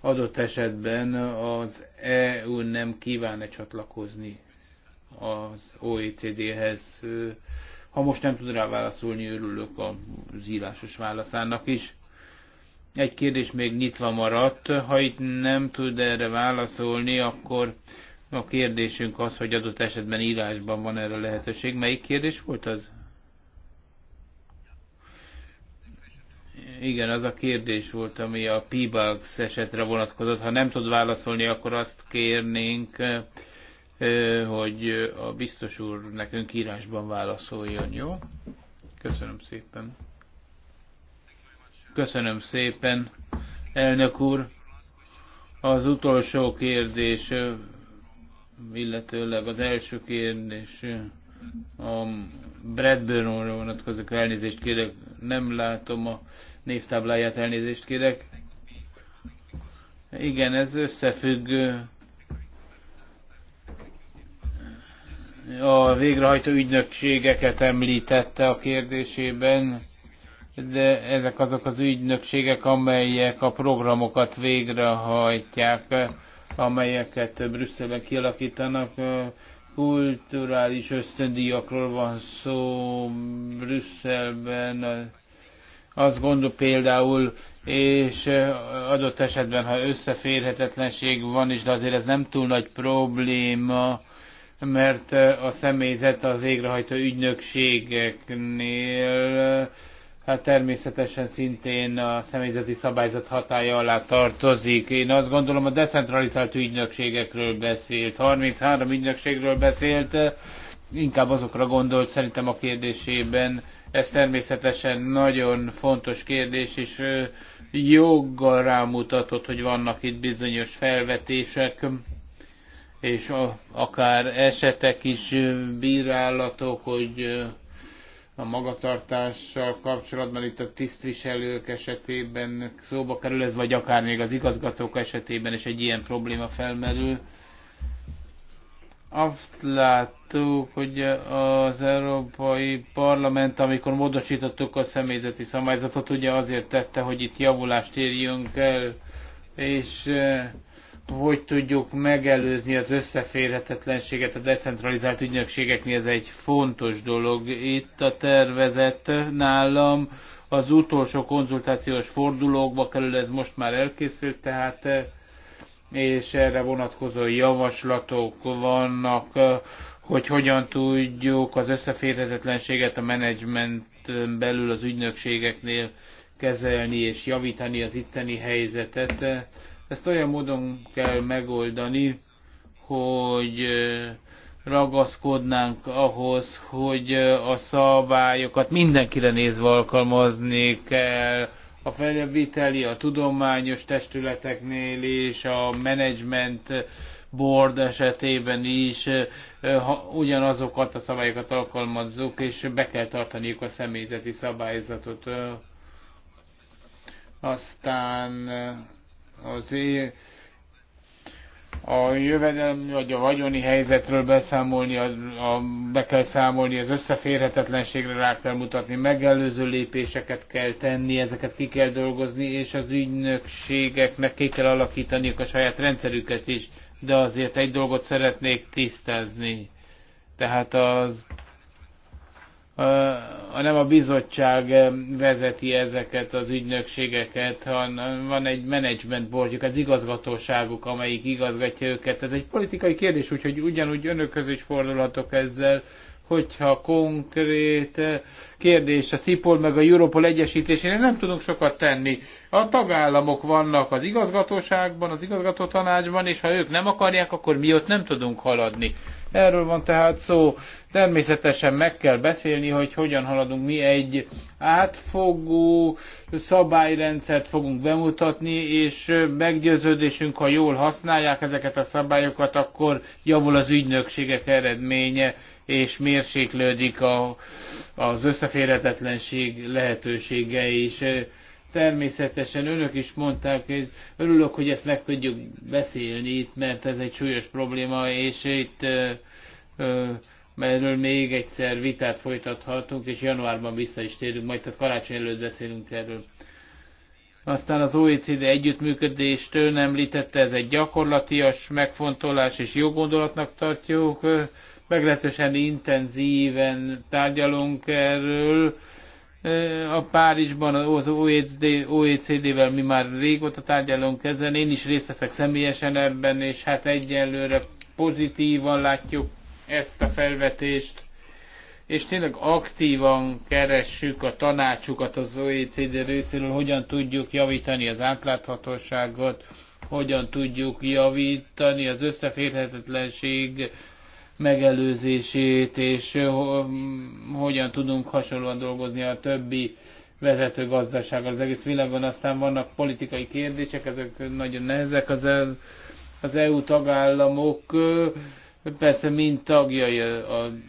Speaker 2: adott esetben az EU nem kíván-e csatlakozni az OECD-hez. Ha most nem tud rá válaszolni, örülök az írásos válaszának is. Egy kérdés még nyitva maradt. Ha itt nem tud erre válaszolni, akkor a kérdésünk az, hogy adott esetben írásban van erre lehetőség. Melyik kérdés volt az? Igen, az a kérdés volt, ami a P-Bugs esetre vonatkozott. Ha nem tud válaszolni, akkor azt kérnénk, hogy a biztos úr nekünk írásban válaszoljon, jó? Köszönöm szépen. Köszönöm szépen, elnök úr. Az utolsó kérdés, illetőleg az első kérdés a Bradburn-ra vonatkozik, elnézést kérek, nem látom a névtábláját elnézést kérek. Igen, ez összefügg a végrehajtó ügynökségeket említette a kérdésében, de ezek azok az ügynökségek, amelyek a programokat végrehajtják, amelyeket Brüsszelben kialakítanak. Kulturális ösztöndíjakról van szó Brüsszelben, azt gondol például, és adott esetben, ha összeférhetetlenség van is, de azért ez nem túl nagy probléma, mert a személyzet az végrehajtó ügynökségeknél hát természetesen szintén a személyzeti szabályzat hatája alá tartozik. Én azt gondolom a decentralizált ügynökségekről beszélt, 33 ügynökségről beszélt, inkább azokra gondolt szerintem a kérdésében, ez természetesen nagyon fontos kérdés, és joggal rámutatott, hogy vannak itt bizonyos felvetések, és a, akár esetek is, bírálatok, hogy a magatartással kapcsolatban itt a tisztviselők esetében szóba kerül ez, vagy akár még az igazgatók esetében is egy ilyen probléma felmerül azt láttuk, hogy az Európai Parlament, amikor módosítottuk a személyzeti szabályzatot, ugye azért tette, hogy itt javulást érjünk el, és eh, hogy tudjuk megelőzni az összeférhetetlenséget a decentralizált ügynökségeknél, ez egy fontos dolog. Itt a tervezet nálam az utolsó konzultációs fordulókba kerül, ez most már elkészült, tehát eh, és erre vonatkozó javaslatok vannak, hogy hogyan tudjuk az összeférhetetlenséget a menedzsment belül az ügynökségeknél kezelni és javítani az itteni helyzetet. Ezt olyan módon kell megoldani, hogy ragaszkodnánk ahhoz, hogy a szabályokat mindenkire nézve alkalmazni kell, a felviteli a tudományos testületeknél és a management board esetében is eh, ha ugyanazokat a szabályokat alkalmazzuk, és be kell tartaniuk a személyzeti szabályzatot. Aztán eh, az a jövedelmi vagy a vagyoni helyzetről beszámolni, a, a, be kell számolni, az összeférhetetlenségre rá kell mutatni, megelőző lépéseket kell tenni, ezeket ki kell dolgozni, és az ügynökségeknek ki kell alakítaniuk a saját rendszerüket is, de azért egy dolgot szeretnék tisztázni. Tehát az nem a bizottság eh, vezeti ezeket az ügynökségeket, hanem van egy menedzsment bordjuk, az igazgatóságuk, amelyik igazgatja őket. Ez egy politikai kérdés, úgyhogy ugyanúgy önökhöz is fordulhatok ezzel, hogyha konkrét eh, kérdés a Szipol meg a Europol egyesítésére nem tudunk sokat tenni. A tagállamok vannak az igazgatóságban, az igazgató tanácsban, és ha ők nem akarják, akkor mi ott nem tudunk haladni. Erről van tehát szó. Természetesen meg kell beszélni, hogy hogyan haladunk. Mi egy átfogó szabályrendszert fogunk bemutatni, és meggyőződésünk, ha jól használják ezeket a szabályokat, akkor javul az ügynökségek eredménye, és mérséklődik a, az összeférhetetlenség lehetősége is. És Természetesen önök is mondták, hogy örülök, hogy ezt meg tudjuk beszélni itt, mert ez egy súlyos probléma, és itt erről még egyszer vitát folytathatunk, és januárban vissza is térünk, majd tehát karácsony előtt beszélünk erről. Aztán az OECD együttműködést ön említette, ez egy gyakorlatias megfontolás, és jó gondolatnak tartjuk. Meglehetősen intenzíven tárgyalunk erről a Párizsban az OECD-vel e mi már régóta tárgyalunk ezen, én is részt veszek személyesen ebben, és hát egyelőre pozitívan látjuk ezt a felvetést, és tényleg aktívan keressük a tanácsukat az OECD részéről, hogyan tudjuk javítani az átláthatóságot, hogyan tudjuk javítani az összeférhetetlenség megelőzését, és hogyan tudunk hasonlóan dolgozni a többi vezető gazdaság az egész világon. Aztán vannak politikai kérdések, ezek nagyon nehezek. Az, az EU tagállamok persze mind tagjai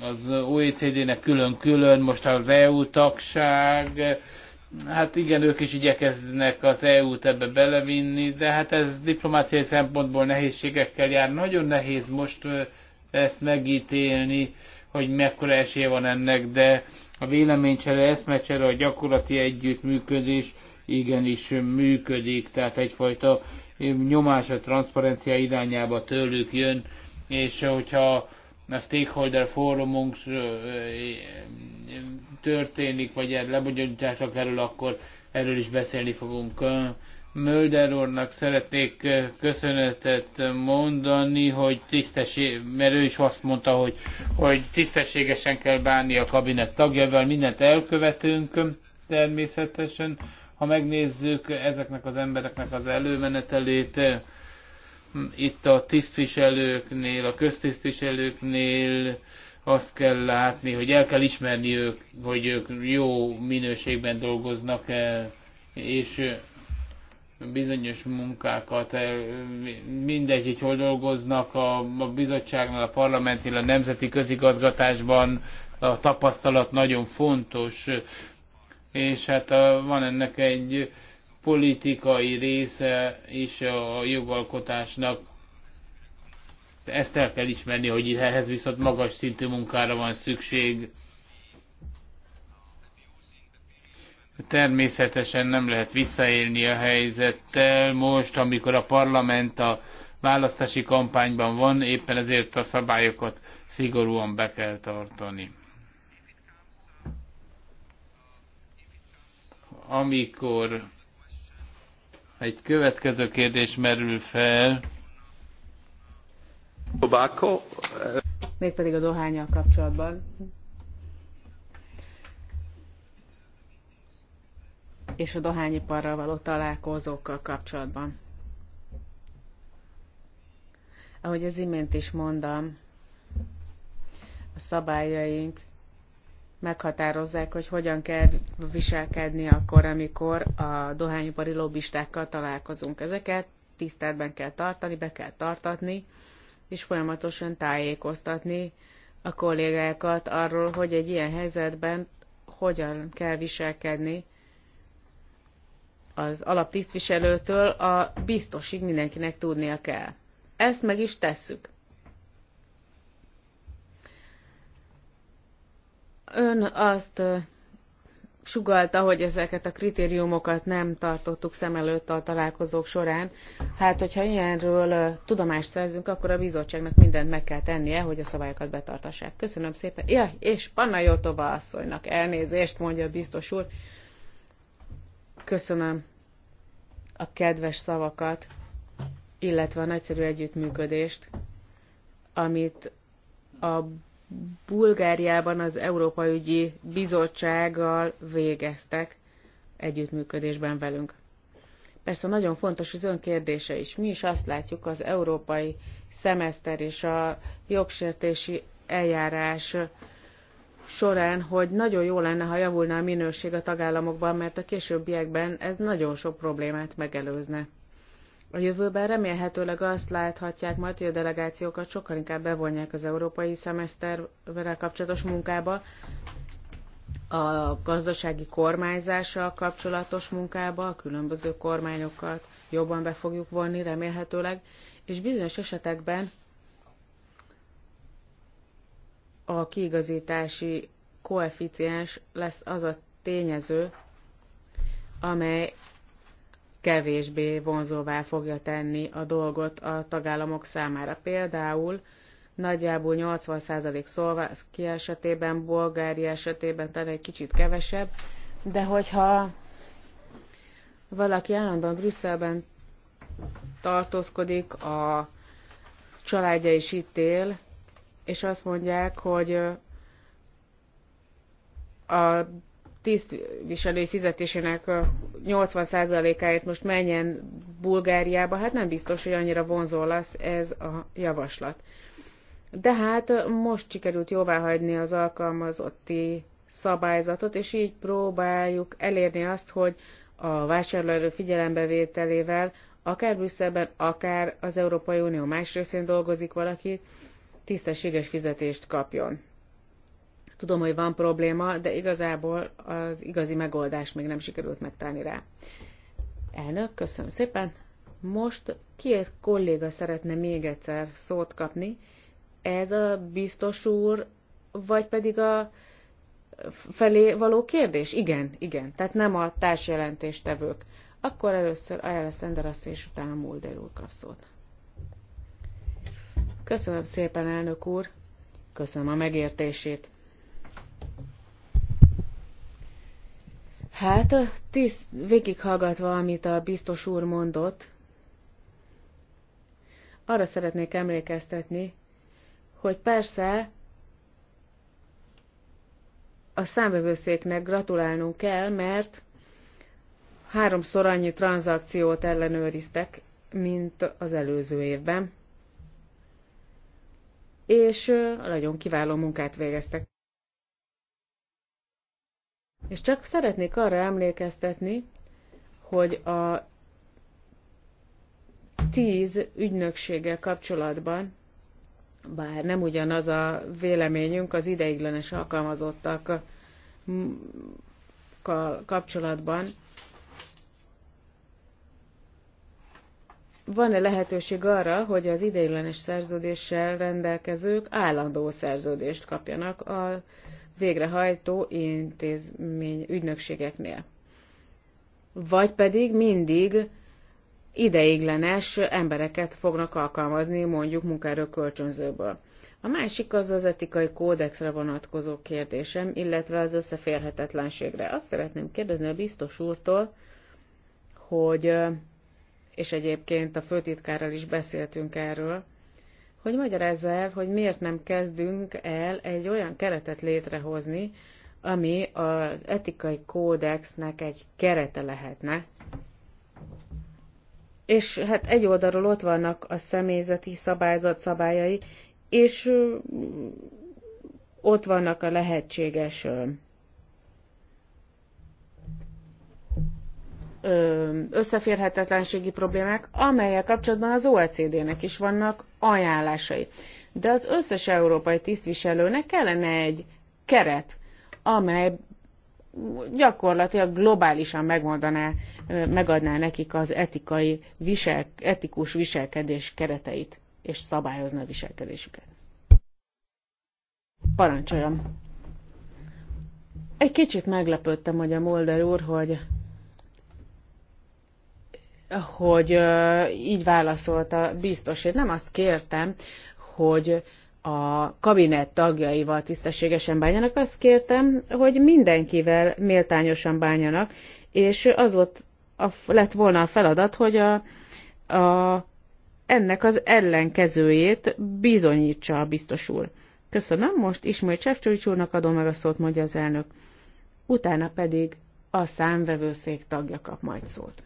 Speaker 2: az OECD-nek külön-külön, most az EU tagság, hát igen, ők is igyekeznek az EU-t ebbe belevinni, de hát ez diplomáciai szempontból nehézségekkel jár. Nagyon nehéz most ezt megítélni, hogy mekkora esély van ennek, de a véleménycsere, eszmecsere, a gyakorlati együttműködés igenis működik, tehát egyfajta nyomás a transzparencia irányába tőlük jön, és hogyha a stakeholder fórumunk történik, vagy lebonyolításra kerül, akkor erről is beszélni fogunk. Mölder úrnak szeretnék köszönetet mondani, hogy tisztesség, mert ő is azt mondta, hogy, hogy tisztességesen kell bánni a kabinet tagjával, mindent elkövetünk természetesen. Ha megnézzük ezeknek az embereknek az előmenetelét, itt a tisztviselőknél, a köztisztviselőknél azt kell látni, hogy el kell ismerni ők, hogy ők jó minőségben dolgoznak, és bizonyos munkákat, mindegy, hogy hol dolgoznak a, a bizottságnál, a parlamentnél, a nemzeti közigazgatásban, a tapasztalat nagyon fontos, és hát a, van ennek egy politikai része is a jogalkotásnak. Ezt el kell ismerni, hogy ehhez viszont magas szintű munkára van szükség Természetesen nem lehet visszaélni a helyzettel most, amikor a parlament a választási kampányban van, éppen ezért a szabályokat szigorúan be kell tartani. Amikor egy következő kérdés merül fel, Tobacco. Eh,
Speaker 1: Mégpedig a dohányjal kapcsolatban. és a dohányiparral való találkozókkal kapcsolatban. Ahogy az imént is mondtam, a szabályaink meghatározzák, hogy hogyan kell viselkedni akkor, amikor a dohányipari lobbistákkal találkozunk. Ezeket tiszteletben kell tartani, be kell tartatni, és folyamatosan tájékoztatni a kollégákat arról, hogy egy ilyen helyzetben hogyan kell viselkedni, az alaptisztviselőtől a biztosig mindenkinek tudnia kell. Ezt meg is tesszük. Ön azt sugalta, hogy ezeket a kritériumokat nem tartottuk szem előtt a találkozók során. Hát, hogyha ilyenről tudomást szerzünk, akkor a bizottságnak mindent meg kell tennie, hogy a szabályokat betartassák. Köszönöm szépen. Ja, és Panna Jótova asszonynak elnézést, mondja a biztos úr. Köszönöm a kedves szavakat, illetve a nagyszerű együttműködést, amit a Bulgáriában az Európai Ügyi Bizottsággal végeztek együttműködésben velünk. Persze nagyon fontos az ön kérdése is. Mi is azt látjuk, az európai szemeszter és a jogsértési eljárás során, hogy nagyon jó lenne, ha javulna a minőség a tagállamokban, mert a későbbiekben ez nagyon sok problémát megelőzne. A jövőben remélhetőleg azt láthatják majd, hogy a delegációkat sokkal inkább bevonják az európai szemeszterrel kapcsolatos munkába, a gazdasági kormányzással kapcsolatos munkába, a különböző kormányokat jobban be fogjuk vonni remélhetőleg, és bizonyos esetekben a kiigazítási koeficiens lesz az a tényező, amely kevésbé vonzóvá fogja tenni a dolgot a tagállamok számára. Például nagyjából 80% Szlovákia esetében, Bulgária esetében talán egy kicsit kevesebb, de hogyha valaki állandóan Brüsszelben tartózkodik, a családja is itt él, és azt mondják, hogy a tisztviselői fizetésének 80%-áért most menjen Bulgáriába, hát nem biztos, hogy annyira vonzó lesz ez a javaslat. De hát most sikerült jóváhagyni az alkalmazotti szabályzatot, és így próbáljuk elérni azt, hogy a vásárlóerő figyelembevételével akár Brüsszelben, akár az Európai Unió más részén dolgozik valaki, tisztességes fizetést kapjon. Tudom, hogy van probléma, de igazából az igazi megoldást még nem sikerült megtalálni rá. Elnök, köszönöm szépen. Most két kolléga szeretne még egyszer szót kapni. Ez a biztos úr, vagy pedig a felé való kérdés? Igen, igen. Tehát nem a társjelentéstevők. Akkor először Ajala Szender és utána Mulder úr kap szót. Köszönöm szépen, elnök úr. Köszönöm a megértését. Hát, tíz, végighallgatva, amit a biztos úr mondott, arra szeretnék emlékeztetni, hogy persze a számbevőszéknek gratulálnunk kell, mert háromszor annyi tranzakciót ellenőriztek, mint az előző évben és nagyon kiváló munkát végeztek. És csak szeretnék arra emlékeztetni, hogy a tíz ügynökséggel kapcsolatban, bár nem ugyanaz a véleményünk az ideiglenes alkalmazottak kapcsolatban, van-e lehetőség arra, hogy az ideiglenes szerződéssel rendelkezők állandó szerződést kapjanak a végrehajtó intézmény ügynökségeknél? Vagy pedig mindig ideiglenes embereket fognak alkalmazni mondjuk munkáról kölcsönzőből. A másik az az etikai kódexre vonatkozó kérdésem, illetve az összeférhetetlenségre. Azt szeretném kérdezni a biztos úrtól, hogy és egyébként a főtitkárral is beszéltünk erről, hogy magyarázza el, hogy miért nem kezdünk el egy olyan keretet létrehozni, ami az etikai kódexnek egy kerete lehetne. És hát egy oldalról ott vannak a személyzeti szabályzat szabályai, és ott vannak a lehetséges összeférhetetlenségi problémák, amelyek kapcsolatban az OECD-nek is vannak ajánlásai. De az összes európai tisztviselőnek kellene egy keret, amely gyakorlatilag globálisan megmondaná, megadná nekik az etikai, visel, etikus viselkedés kereteit, és szabályozna a viselkedésüket. Parancsoljam! Egy kicsit meglepődtem, hogy a Molder úr, hogy hogy így válaszolt a biztos. Én nem azt kértem, hogy a kabinett tagjaival tisztességesen bánjanak, azt kértem, hogy mindenkivel méltányosan bánjanak, és az volt a, lett volna a feladat, hogy a, a, ennek az ellenkezőjét bizonyítsa a biztos úr. Köszönöm, most ismét Csefcsúcs úrnak adom meg a szót, mondja az elnök. Utána pedig a számvevőszék tagja kap majd szót.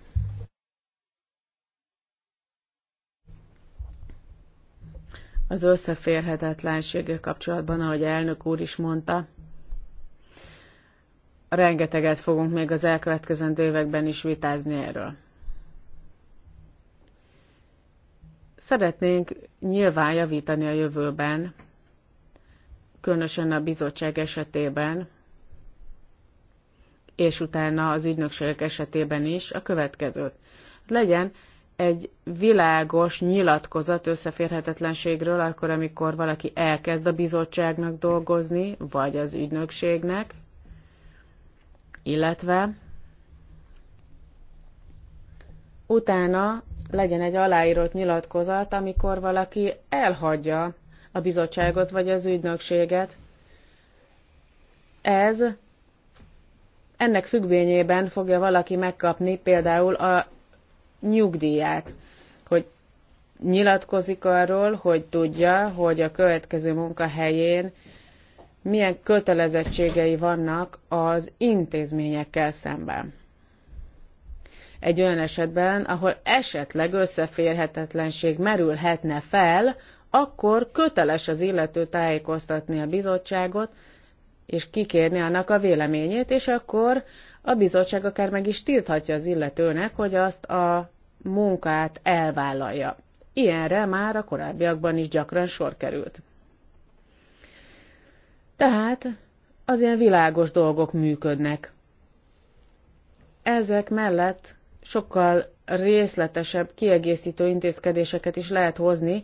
Speaker 1: az összeférhetetlensége kapcsolatban, ahogy elnök úr is mondta, rengeteget fogunk még az elkövetkezendő években is vitázni erről. Szeretnénk nyilván javítani a jövőben, különösen a bizottság esetében, és utána az ügynökségek esetében is a következőt. Legyen egy világos nyilatkozat összeférhetetlenségről, akkor, amikor valaki elkezd a bizottságnak dolgozni, vagy az ügynökségnek, illetve utána legyen egy aláírott nyilatkozat, amikor valaki elhagyja a bizottságot vagy az ügynökséget. Ez ennek függvényében fogja valaki megkapni például a nyugdíját, hogy nyilatkozik arról, hogy tudja, hogy a következő munkahelyén milyen kötelezettségei vannak az intézményekkel szemben. Egy olyan esetben, ahol esetleg összeférhetetlenség merülhetne fel, akkor köteles az illető tájékoztatni a bizottságot, és kikérni annak a véleményét, és akkor a bizottság akár meg is tilthatja az illetőnek, hogy azt a munkát elvállalja. Ilyenre már a korábbiakban is gyakran sor került. Tehát az ilyen világos dolgok működnek. Ezek mellett sokkal részletesebb, kiegészítő intézkedéseket is lehet hozni,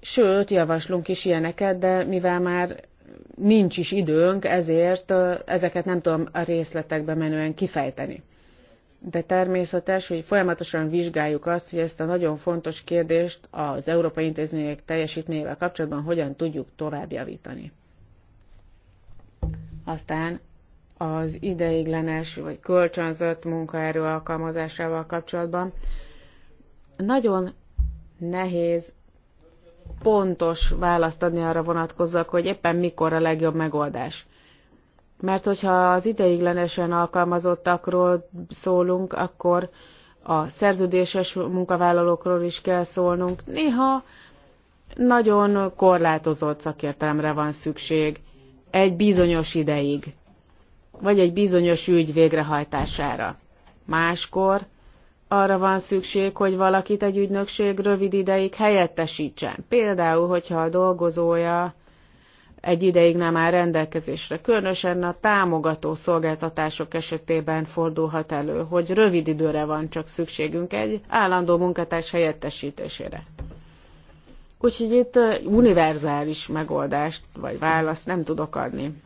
Speaker 1: sőt, javaslunk is ilyeneket, de mivel már nincs is időnk, ezért ezeket nem tudom a részletekbe menően kifejteni. De természetes, hogy folyamatosan vizsgáljuk azt, hogy ezt a nagyon fontos kérdést az európai intézmények teljesítményével kapcsolatban hogyan tudjuk tovább javítani. Aztán az ideiglenes vagy kölcsönzött munkaerő alkalmazásával kapcsolatban nagyon nehéz pontos választ adni arra vonatkozzak, hogy éppen mikor a legjobb megoldás. Mert hogyha az ideiglenesen alkalmazottakról szólunk, akkor a szerződéses munkavállalókról is kell szólnunk. Néha nagyon korlátozott szakértelemre van szükség egy bizonyos ideig, vagy egy bizonyos ügy végrehajtására. Máskor arra van szükség, hogy valakit egy ügynökség rövid ideig helyettesítsen. Például, hogyha a dolgozója egy ideig nem áll rendelkezésre. Különösen a támogató szolgáltatások esetében fordulhat elő, hogy rövid időre van csak szükségünk egy állandó munkatárs helyettesítésére. Úgyhogy itt univerzális megoldást vagy választ nem tudok adni.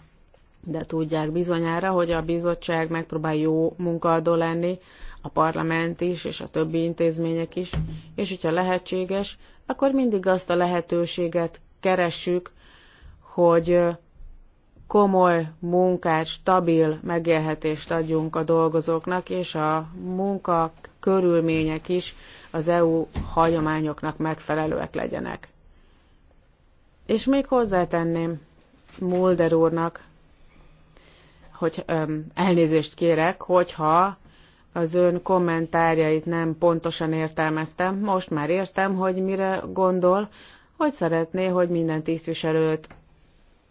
Speaker 1: De tudják bizonyára, hogy a bizottság megpróbál jó munkaadó lenni, a parlament is, és a többi intézmények is, és hogyha lehetséges, akkor mindig azt a lehetőséget keressük, hogy komoly munkát, stabil megélhetést adjunk a dolgozóknak, és a munka körülmények is az EU hagyományoknak megfelelőek legyenek. És még hozzátenném Mulder úrnak, hogy öm, elnézést kérek, hogyha az ön kommentárjait nem pontosan értelmeztem. Most már értem, hogy mire gondol, hogy szeretné, hogy minden tisztviselőt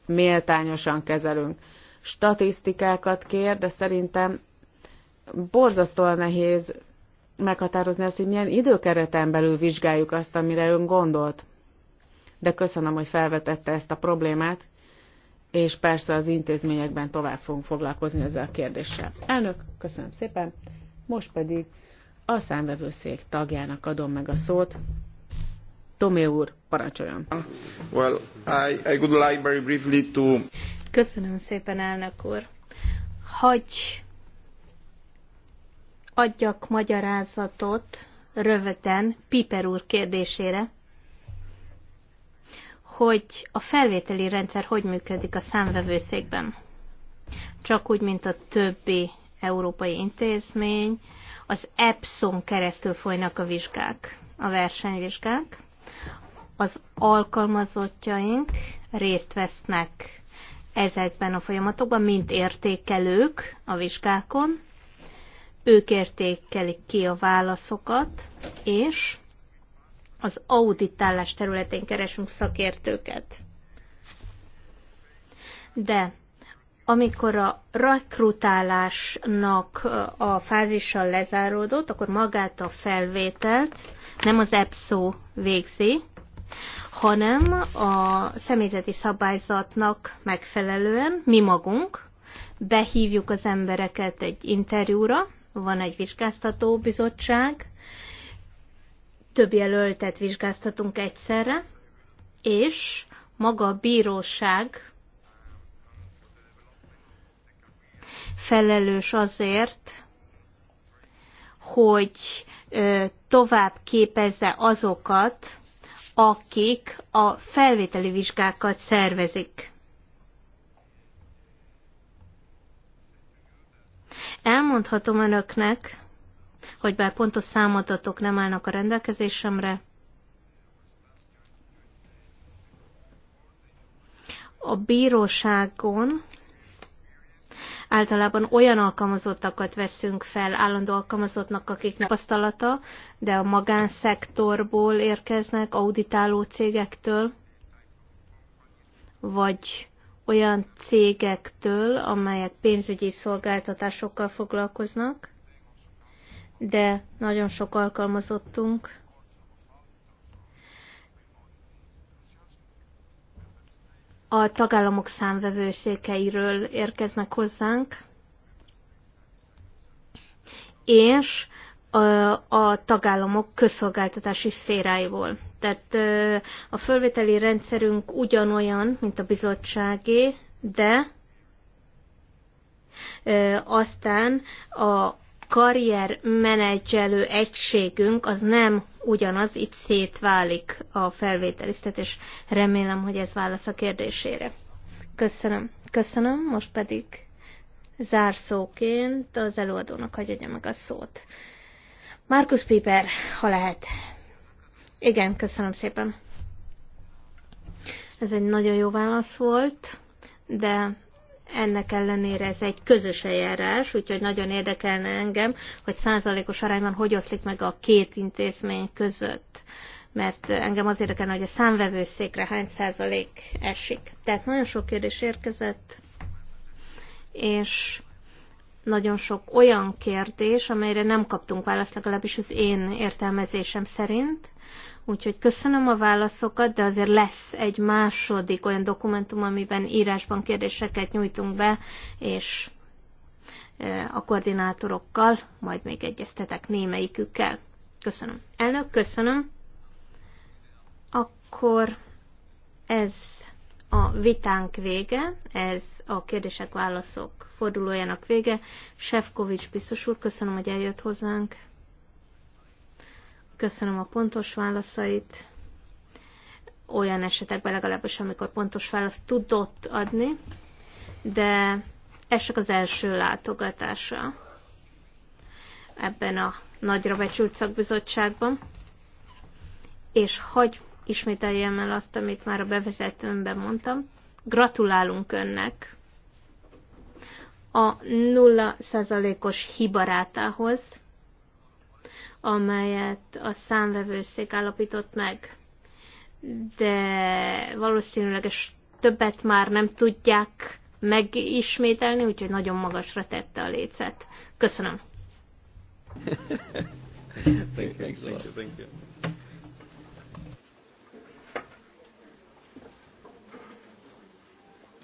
Speaker 1: méltányosan kezelünk. Statisztikákat kér, de szerintem borzasztóan nehéz meghatározni azt, hogy milyen időkereten belül vizsgáljuk azt, amire ön gondolt. De köszönöm, hogy felvetette ezt a problémát, és persze az intézményekben tovább fogunk foglalkozni ezzel a kérdéssel. Elnök, köszönöm szépen! Most pedig a számvevőszék tagjának adom meg a szót. Tomé úr, parancsoljon!
Speaker 2: Well, I, I would like very briefly to...
Speaker 1: Köszönöm szépen, elnök
Speaker 3: úr! Hogy adjak magyarázatot röviden Piper úr kérdésére, hogy a felvételi rendszer hogy működik a számvevőszékben. Csak úgy, mint a többi európai intézmény, az EPSON keresztül folynak a vizsgák, a versenyvizsgák. Az alkalmazottjaink részt vesznek ezekben a folyamatokban, mint értékelők a vizsgákon. Ők értékelik ki a válaszokat, és az auditálás területén keresünk szakértőket. De amikor a rekrutálásnak a fázissal lezáródott, akkor magát a felvételt nem az EPSO végzi, hanem a személyzeti szabályzatnak megfelelően mi magunk behívjuk az embereket egy interjúra, van egy vizsgáztató bizottság, több jelöltet vizsgáztatunk egyszerre, és maga a bíróság felelős azért, hogy tovább képezze azokat, akik a felvételi vizsgákat szervezik. Elmondhatom önöknek, hogy bár pontos számadatok nem állnak a rendelkezésemre, a bíróságon Általában olyan alkalmazottakat veszünk fel állandó alkalmazottnak, akiknek tapasztalata, de a magánszektorból érkeznek, auditáló cégektől, vagy olyan cégektől, amelyek pénzügyi szolgáltatásokkal foglalkoznak, de nagyon sok alkalmazottunk a tagállamok számvevőszékeiről érkeznek hozzánk, és a tagállamok közszolgáltatási szféráiból. Tehát a fölvételi rendszerünk ugyanolyan, mint a bizottságé, de aztán a karriermenedzselő egységünk az nem ugyanaz, itt szétválik a és Remélem, hogy ez válasz a kérdésére. Köszönöm. Köszönöm, most pedig zárszóként az előadónak hagyja meg a szót. Markus Piper, ha lehet. Igen, köszönöm szépen. Ez egy nagyon jó válasz volt, de ennek ellenére ez egy közös eljárás, úgyhogy nagyon érdekelne engem, hogy százalékos arányban hogy oszlik meg a két intézmény között. Mert engem az érdekelne, hogy a számvevőszékre hány százalék esik. Tehát nagyon sok kérdés érkezett, és nagyon sok olyan kérdés, amelyre nem kaptunk választ, legalábbis az én értelmezésem szerint, Úgyhogy köszönöm a válaszokat, de azért lesz egy második olyan dokumentum, amiben írásban kérdéseket nyújtunk be, és e, a koordinátorokkal, majd még egyeztetek némelyikükkel. Köszönöm. Elnök, köszönöm. Akkor ez a vitánk vége, ez a kérdések-válaszok fordulójának vége. Sefkovics biztos úr, köszönöm, hogy eljött hozzánk. Köszönöm a pontos válaszait. Olyan esetekben legalábbis, amikor pontos választ tudott adni, de ez csak az első látogatása ebben a nagyra becsült szakbizottságban. És hagy ismételjem el azt, amit már a bevezetőmben mondtam. Gratulálunk önnek a nulla százalékos hibarátához, amelyet a számvevőszék állapított meg. De valószínűleg többet már nem tudják megismételni, úgyhogy nagyon magasra tette a lécet. Köszönöm. thank you, thank you, thank
Speaker 1: you.